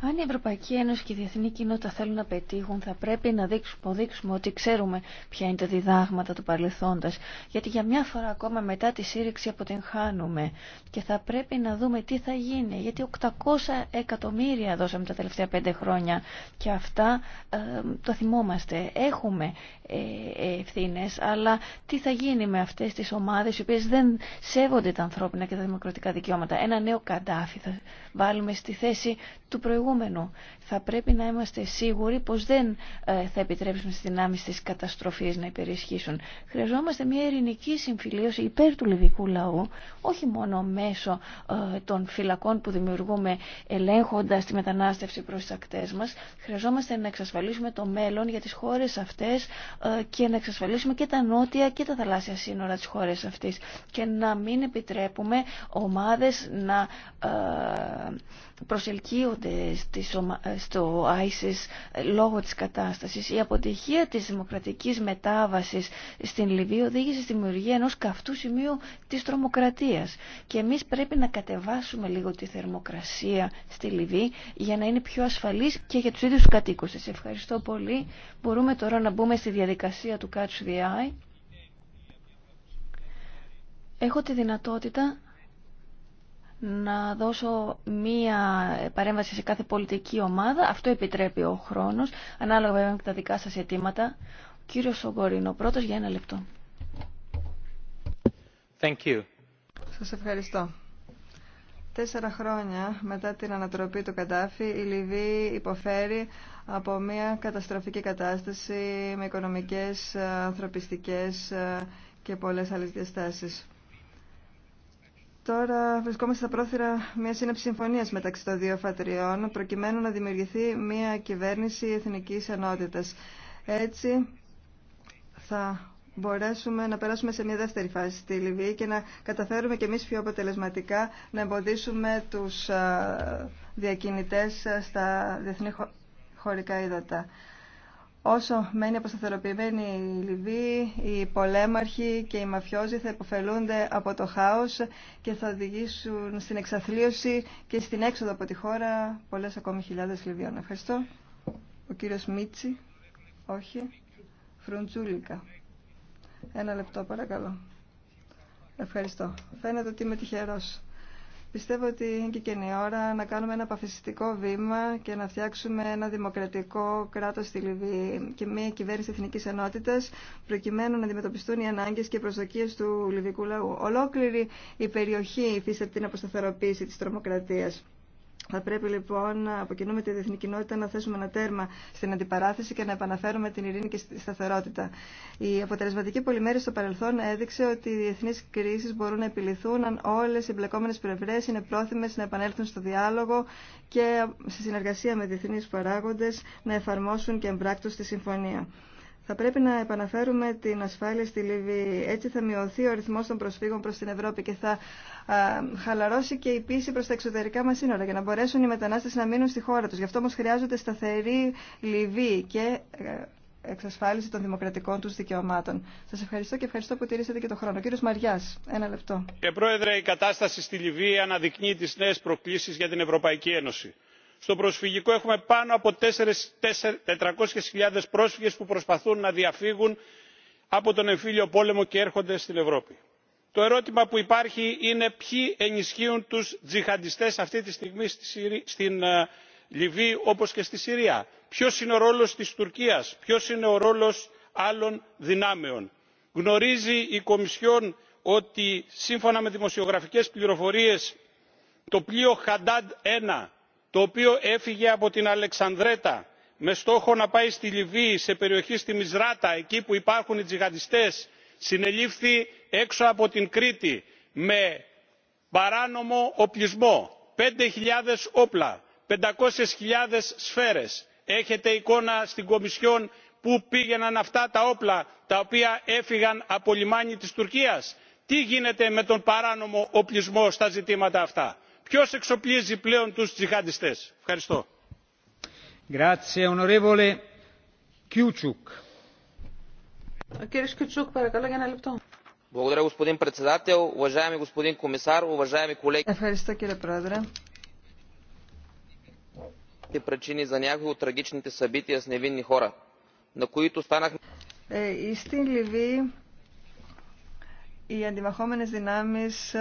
Αν η Ευρωπαϊκή Ένωση και η διεθνή κοινότητα θέλουν να πετύχουν, θα πρέπει να αποδείξουμε ότι ξέρουμε ποια είναι τα διδάγματα του παρελθόντο. Γιατί για μια φορά ακόμα μετά τη σύρρηξη αποτυγχάνουμε. Και θα πρέπει να δούμε τι θα γίνει. Γιατί 800 εκατομμύρια δώσαμε τα τελευταία πέντε χρόνια. Και αυτά ε, το θυμόμαστε. Έχουμε ε, ε ευθύνε. Αλλά τι θα γίνει με αυτέ τι ομάδε οι οποίε δεν σέβονται τα ανθρώπινα και τα δημοκρατικά δικαιώματα. Ένα νέο καντάφι βάλουμε στη θέση του προηγούμενου. Θα πρέπει να είμαστε σίγουροι πως δεν ε, θα επιτρέψουμε στις δυνάμεις της καταστροφής να υπερισχύσουν. Χρειαζόμαστε μια ειρηνική συμφιλίωση υπέρ του λιβικού λαού, όχι μόνο μέσω ε, των φυλακών που δημιουργούμε ελέγχοντας τη μετανάστευση προς τις ακτές μας. Χρειαζόμαστε να εξασφαλίσουμε το μέλλον για τις χώρες αυτές ε, και να εξασφαλίσουμε και τα νότια και τα θαλάσσια σύνορα της χώρες αυτής και να μην επιτρέπουμε ομάδες να προσελκύονται στο ISIS λόγω της κατάστασης. Η αποτυχία της δημοκρατικής μετάβασης στην Λιβύη οδήγησε στη δημιουργία ενός καυτού σημείου της τρομοκρατίας. Και εμείς πρέπει να κατεβάσουμε λίγο τη θερμοκρασία στη Λιβύη για να είναι πιο ασφαλής και για τους ίδιους κατοίκους. Σας ευχαριστώ πολύ. Μπορούμε τώρα να μπούμε στη διαδικασία του Catch the Eye. Έχω τη δυνατότητα να δώσω μία παρέμβαση σε κάθε πολιτική ομάδα. Αυτό επιτρέπει ο χρόνος, ανάλογα με τα δικά σας αιτήματα. Ο κύριος Σογκορίνο, πρώτος για ένα λεπτό. Thank Σας ευχαριστώ. Τέσσερα χρόνια μετά την ανατροπή του Καντάφη, η Λιβύη υποφέρει από μια καταστροφική κατάσταση με οικονομικές, ανθρωπιστικές και πολλές άλλες διαστάσεις. Τώρα βρισκόμαστε στα πρόθυρα μια σύναψη συμφωνία μεταξύ των δύο φατριών, προκειμένου να δημιουργηθεί μια κυβέρνηση εθνική ενότητα. Έτσι θα μπορέσουμε να περάσουμε σε μια δεύτερη φάση στη Λιβύη και να καταφέρουμε και εμείς πιο αποτελεσματικά να εμποδίσουμε τους διακινητές στα διεθνή χωρικά ύδατα. Όσο μένει αποσταθεροποιημένη η Λιβύη, οι πολέμαρχοι και οι μαφιόζοι θα υποφελούνται από το χάος και θα οδηγήσουν στην εξαθλίωση και στην έξοδο από τη χώρα πολλές ακόμη χιλιάδες Λιβύων. Ευχαριστώ. Ο κύριος Μίτσι. Όχι. Φρουντζούλικα. Ένα λεπτό παρακαλώ. Ευχαριστώ. Φαίνεται ότι είμαι τυχερός. Πιστεύω ότι είναι και, καινή ώρα να κάνουμε ένα παφησιστικό βήμα και να φτιάξουμε ένα δημοκρατικό κράτο στη Λιβύη και μια κυβέρνηση εθνική ενότητα, προκειμένου να αντιμετωπιστούν οι ανάγκε και οι προσδοκίε του λιβυκού λαού. Ολόκληρη η περιοχή υφίσταται την αποσταθεροποίηση τη τρομοκρατία. Θα πρέπει λοιπόν να κοινού με τη διεθνή κοινότητα να θέσουμε ένα τέρμα στην αντιπαράθεση και να επαναφέρουμε την ειρήνη και τη σταθερότητα. Η αποτελεσματική πολυμέρεια στο παρελθόν έδειξε ότι οι διεθνεί κρίσει μπορούν να επιληθούν αν όλε οι εμπλεκόμενε πλευρέ είναι πρόθυμε να επανέλθουν στο διάλογο και σε συνεργασία με διεθνεί παράγοντε να εφαρμόσουν και εμπράκτω τη συμφωνία. Θα πρέπει να επαναφέρουμε την ασφάλεια στη Λιβύη. Έτσι θα μειωθεί ο αριθμό των προσφύγων προ την Ευρώπη και θα χαλαρώσει και η πίεση προ τα εξωτερικά μα σύνορα για να μπορέσουν οι μετανάστε να μείνουν στη χώρα του. Γι' αυτό όμω χρειάζονται σταθερή Λιβύη και ε, εξασφάλιση των δημοκρατικών του δικαιωμάτων. Σα ευχαριστώ και ευχαριστώ που τηρήσατε και τον χρόνο. Κύριο Μαριά, ένα λεπτό. Κύριε Πρόεδρε, η κατάσταση στη Λιβύη αναδεικνύει τι νέε προκλήσει για την Ευρωπαϊκή Ένωση στο προσφυγικό έχουμε πάνω από τετρακόσιες χιλιάδες πρόσφυγες που προσπαθούν να διαφύγουν από τον εμφύλιο πόλεμο και έρχονται στην ευρώπη. το ερώτημα που υπάρχει είναι ποιοι ενισχύουν τους τζιχαντιστές αυτή τη στιγμή στην ε, λιβύη όπως και στη συρία ποιος είναι ο ρόλος της τουρκίας ποιος είναι ο ρόλος άλλων δυνάμεων. γνωρίζει η κομισιόν ότι σύμφωνα με δημοσιογραφικές πληροφορίες το πλοίο χαντάντ ένα το οποίο έφυγε από την αλεξανδρέτα με στόχο να πάει στη λιβύη σε περιοχή στη μισράτα εκεί που υπάρχουν οι τζιχαντιστές συνελήφθη έξω από την κρήτη με παράνομο οπλισμό πέντε όπλα 500.000 σφαίρες. έχετε εικόνα στην κομισιόν πού πήγαιναν αυτά τα όπλα τα οποία έφυγαν από λιμάνι της τουρκίας; τι γίνεται με τον παράνομο οπλισμό στα ζητήματα αυτά; ποιος εξοπλίζει πλέον τους τζιχαντιστές. Ευχαριστώ. Ο κύριος Κιουτσούκ, παρακαλώ για ένα λεπτό. Ευχαριστώ κύριε Πρόεδρε. στην Λιβύη οι αντιμαχόμενες δυνάμεις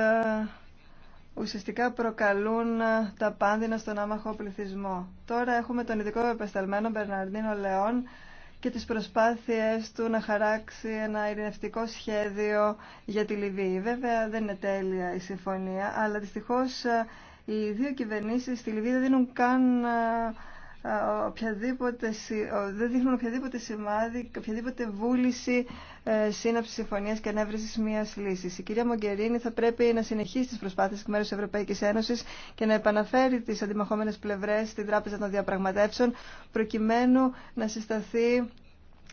ουσιαστικά προκαλούν ε, τα πάνδυνα στον άμαχο πληθυσμό. Τώρα έχουμε τον ειδικό επεσταλμένο Μπερναρντίνο Λεόν και τις προσπάθειες του να χαράξει ένα ειρηνευτικό σχέδιο για τη Λιβύη. Βέβαια δεν είναι τέλεια η συμφωνία, αλλά δυστυχώς ε, οι δύο κυβερνήσεις στη Λιβύη δεν δίνουν καν ε, οποιαδήποτε, δεν δείχνουν οποιαδήποτε σημάδι, οποιαδήποτε βούληση ε, σύναψη συμφωνία και ανέβρεση μια λύση. Η κυρία Μογκερίνη θα πρέπει να συνεχίσει τι προσπάθειε εκ μέρου τη Ευρωπαϊκή Ένωση και να επαναφέρει τι αντιμαχόμενε πλευρέ στην Τράπεζα των Διαπραγματεύσεων, προκειμένου να συσταθεί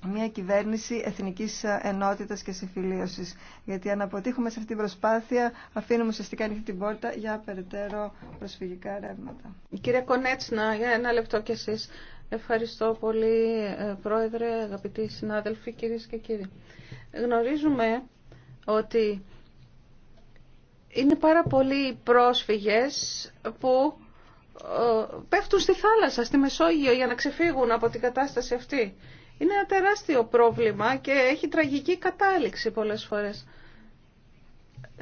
μια κυβέρνηση εθνικής ενότητας και συμφιλίωσης. Γιατί αν αποτύχουμε σε αυτή την προσπάθεια, αφήνουμε ουσιαστικά ανοιχτή την πόρτα για περαιτέρω προσφυγικά ρεύματα. Κύριε Κονέτσνα, για ένα λεπτό κι εσείς. Ευχαριστώ πολύ, ε, Πρόεδρε, αγαπητοί συνάδελφοι, κυρίες και κύριοι. Γνωρίζουμε ότι είναι πάρα πολλοί πρόσφυγες που ε, πέφτουν στη θάλασσα, στη Μεσόγειο, για να ξεφύγουν από την κατάσταση αυτή είναι ένα τεράστιο πρόβλημα και έχει τραγική κατάληξη πολλές φορές.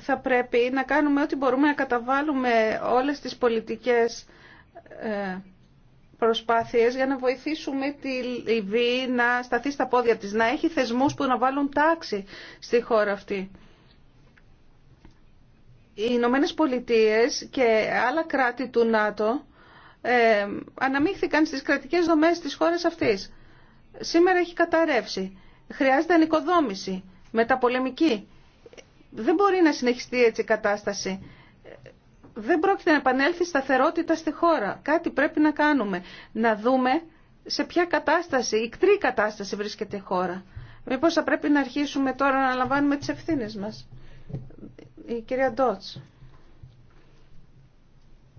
Θα πρέπει να κάνουμε ό,τι μπορούμε να καταβάλουμε όλες τις πολιτικές ε, προσπάθειες για να βοηθήσουμε τη Λιβύη να σταθεί στα πόδια της, να έχει θεσμούς που να βάλουν τάξη στη χώρα αυτή. Οι Ηνωμένε Πολιτείε και άλλα κράτη του ΝΑΤΟ ε, αναμίχθηκαν στις κρατικές δομές της χώρας αυτής σήμερα έχει καταρρεύσει. Χρειάζεται ανοικοδόμηση, μεταπολεμική. Δεν μπορεί να συνεχιστεί έτσι η κατάσταση. Δεν πρόκειται να επανέλθει σταθερότητα στη χώρα. Κάτι πρέπει να κάνουμε. Να δούμε σε ποια κατάσταση, η κτρή κατάσταση βρίσκεται η χώρα. Μήπως θα πρέπει να αρχίσουμε τώρα να λαμβάνουμε τις ευθύνες μας. Η κυρία Ντότς.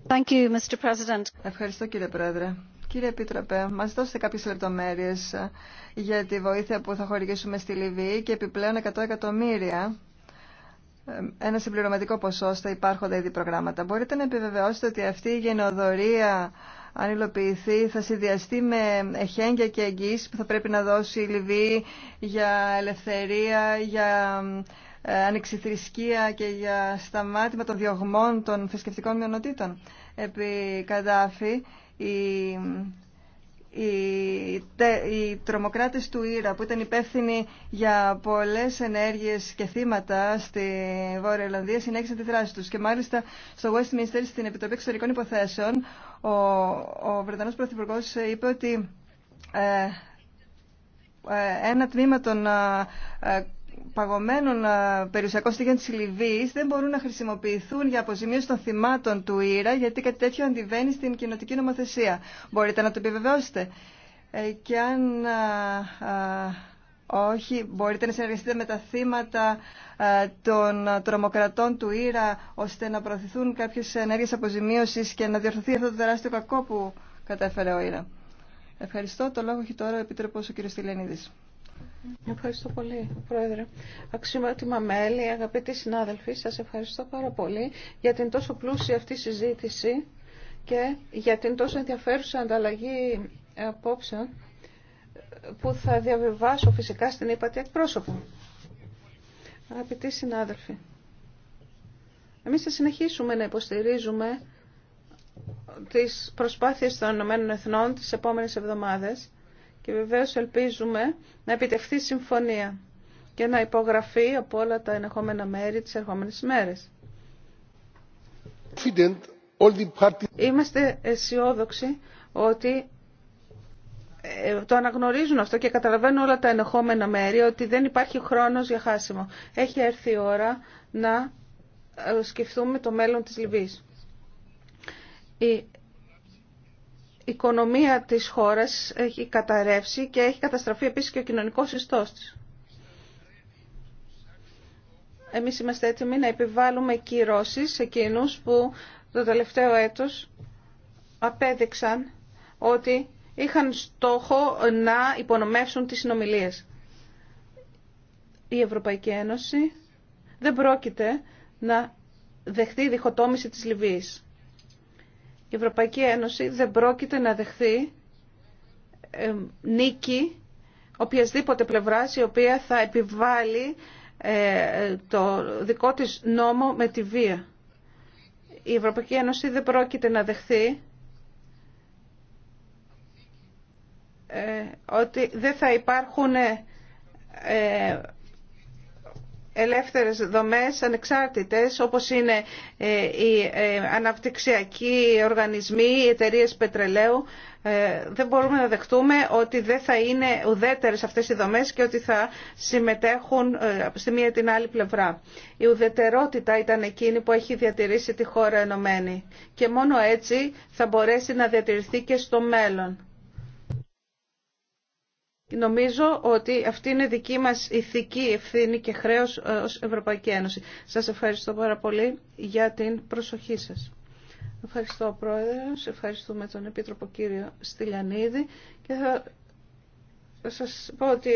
Thank you, Mr. Ευχαριστώ κύριε Πρόεδρε. Κύριε Επίτροπε, μα δώσετε κάποιε λεπτομέρειε για τη βοήθεια που θα χορηγήσουμε στη Λιβύη και επιπλέον 100 εκατομμύρια ε, ένα συμπληρωματικό ποσό στα υπάρχοντα ήδη προγράμματα. Μπορείτε να επιβεβαιώσετε ότι αυτή η γενοδορία, αν υλοποιηθεί, θα συνδυαστεί με εχέγγυα και εγγύηση που θα πρέπει να δώσει η Λιβύη για ελευθερία, για ε, ανεξιθρησκεία και για σταμάτημα των διωγμών των θρησκευτικών μειονοτήτων. Επί Καντάφη, οι, οι, οι τρομοκράτες του Ήρα που ήταν υπεύθυνοι για πολλές ενέργειες και θύματα στη Βόρεια Ιρλανδία συνέχισαν τη δράση τους και μάλιστα στο Westminster στην Επιτροπή Εξωτερικών Υποθέσεων ο, ο Βρετανός Πρωθυπουργός είπε ότι ε, ε ένα τμήμα των ε, παγωμένων ε, περιουσιακών στοιχείων της Λιβύης δεν μπορούν να χρησιμοποιηθούν για αποζημίωση των θυμάτων του Ήρα γιατί κάτι τέτοιο αντιβαίνει στην κοινοτική νομοθεσία. Μπορείτε να το επιβεβαιώσετε. Ε, και αν ε, όχι, μπορείτε να συνεργαστείτε με τα θύματα των τρομοκρατών του Ήρα ώστε να προωθηθούν κάποιες ενέργειες αποζημίωσης και να διορθωθεί αυτό το τεράστιο κακό που κατέφερε ο Ήρα. Ευχαριστώ. Το λόγο έχει τώρα ο Επίτροπος ο κ. Στυλιανίδης. Ευχαριστώ πολύ, Πρόεδρε. Αξιότιμα μέλη, αγαπητοί συνάδελφοι, σας ευχαριστώ πάρα πολύ για την τόσο πλούσια αυτή συζήτηση και για την τόσο ενδιαφέρουσα ανταλλαγή απόψεων που θα διαβιβάσω φυσικά στην ύπατη εκπρόσωπο. Αγαπητοί συνάδελφοι, εμείς θα συνεχίσουμε να υποστηρίζουμε τις προσπάθειες των Ηνωμένων Εθνών τις επόμενες εβδομάδες και βεβαίως ελπίζουμε να επιτευχθεί συμφωνία και να υπογραφεί από όλα τα ενεχόμενα μέρη τις ερχόμενες μέρες. Είμαστε αισιόδοξοι ότι ε, το αναγνωρίζουν αυτό και καταλαβαίνουν όλα τα ενεχόμενα μέρη ότι δεν υπάρχει χρόνος για χάσιμο. Έχει έρθει η ώρα να ε, σκεφτούμε το μέλλον της Λιβύης. Η η οικονομία της χώρας έχει καταρρεύσει και έχει καταστραφεί επίσης και ο κοινωνικός ιστός της. Εμείς είμαστε έτοιμοι να επιβάλλουμε κυρώσεις σε εκείνους που το τελευταίο έτος απέδειξαν ότι είχαν στόχο να υπονομεύσουν τις συνομιλίες. Η Ευρωπαϊκή Ένωση δεν πρόκειται να δεχτεί διχοτόμηση της Λιβύης η Ευρωπαϊκή Ένωση δεν πρόκειται να δεχθεί νίκη οποιασδήποτε πλευράς η οποία θα επιβάλλει ε, το δικό της νόμο με τη βία. Η Ευρωπαϊκή Ένωση δεν πρόκειται να δεχθεί ε, ότι δεν θα υπάρχουν ε, ελεύθερες δομές ανεξάρτητες όπως είναι ε, οι ε, αναπτυξιακοί οργανισμοί, οι εταιρείε πετρελαίου. Ε, δεν μπορούμε να δεχτούμε ότι δεν θα είναι ουδέτερες αυτές οι δομές και ότι θα συμμετέχουν στη μία την άλλη πλευρά. Η ουδετερότητα ήταν εκείνη που έχει διατηρήσει τη χώρα ενωμένη και μόνο έτσι θα μπορέσει να διατηρηθεί και στο μέλλον. Νομίζω ότι αυτή είναι δική μας ηθική ευθύνη και χρέος ε, ως Ευρωπαϊκή Ένωση. Σας ευχαριστώ πάρα πολύ για την προσοχή σας. Ευχαριστώ πρόεδρο, ευχαριστούμε τον Επίτροπο κύριο Στυλιανίδη και θα σας πω ότι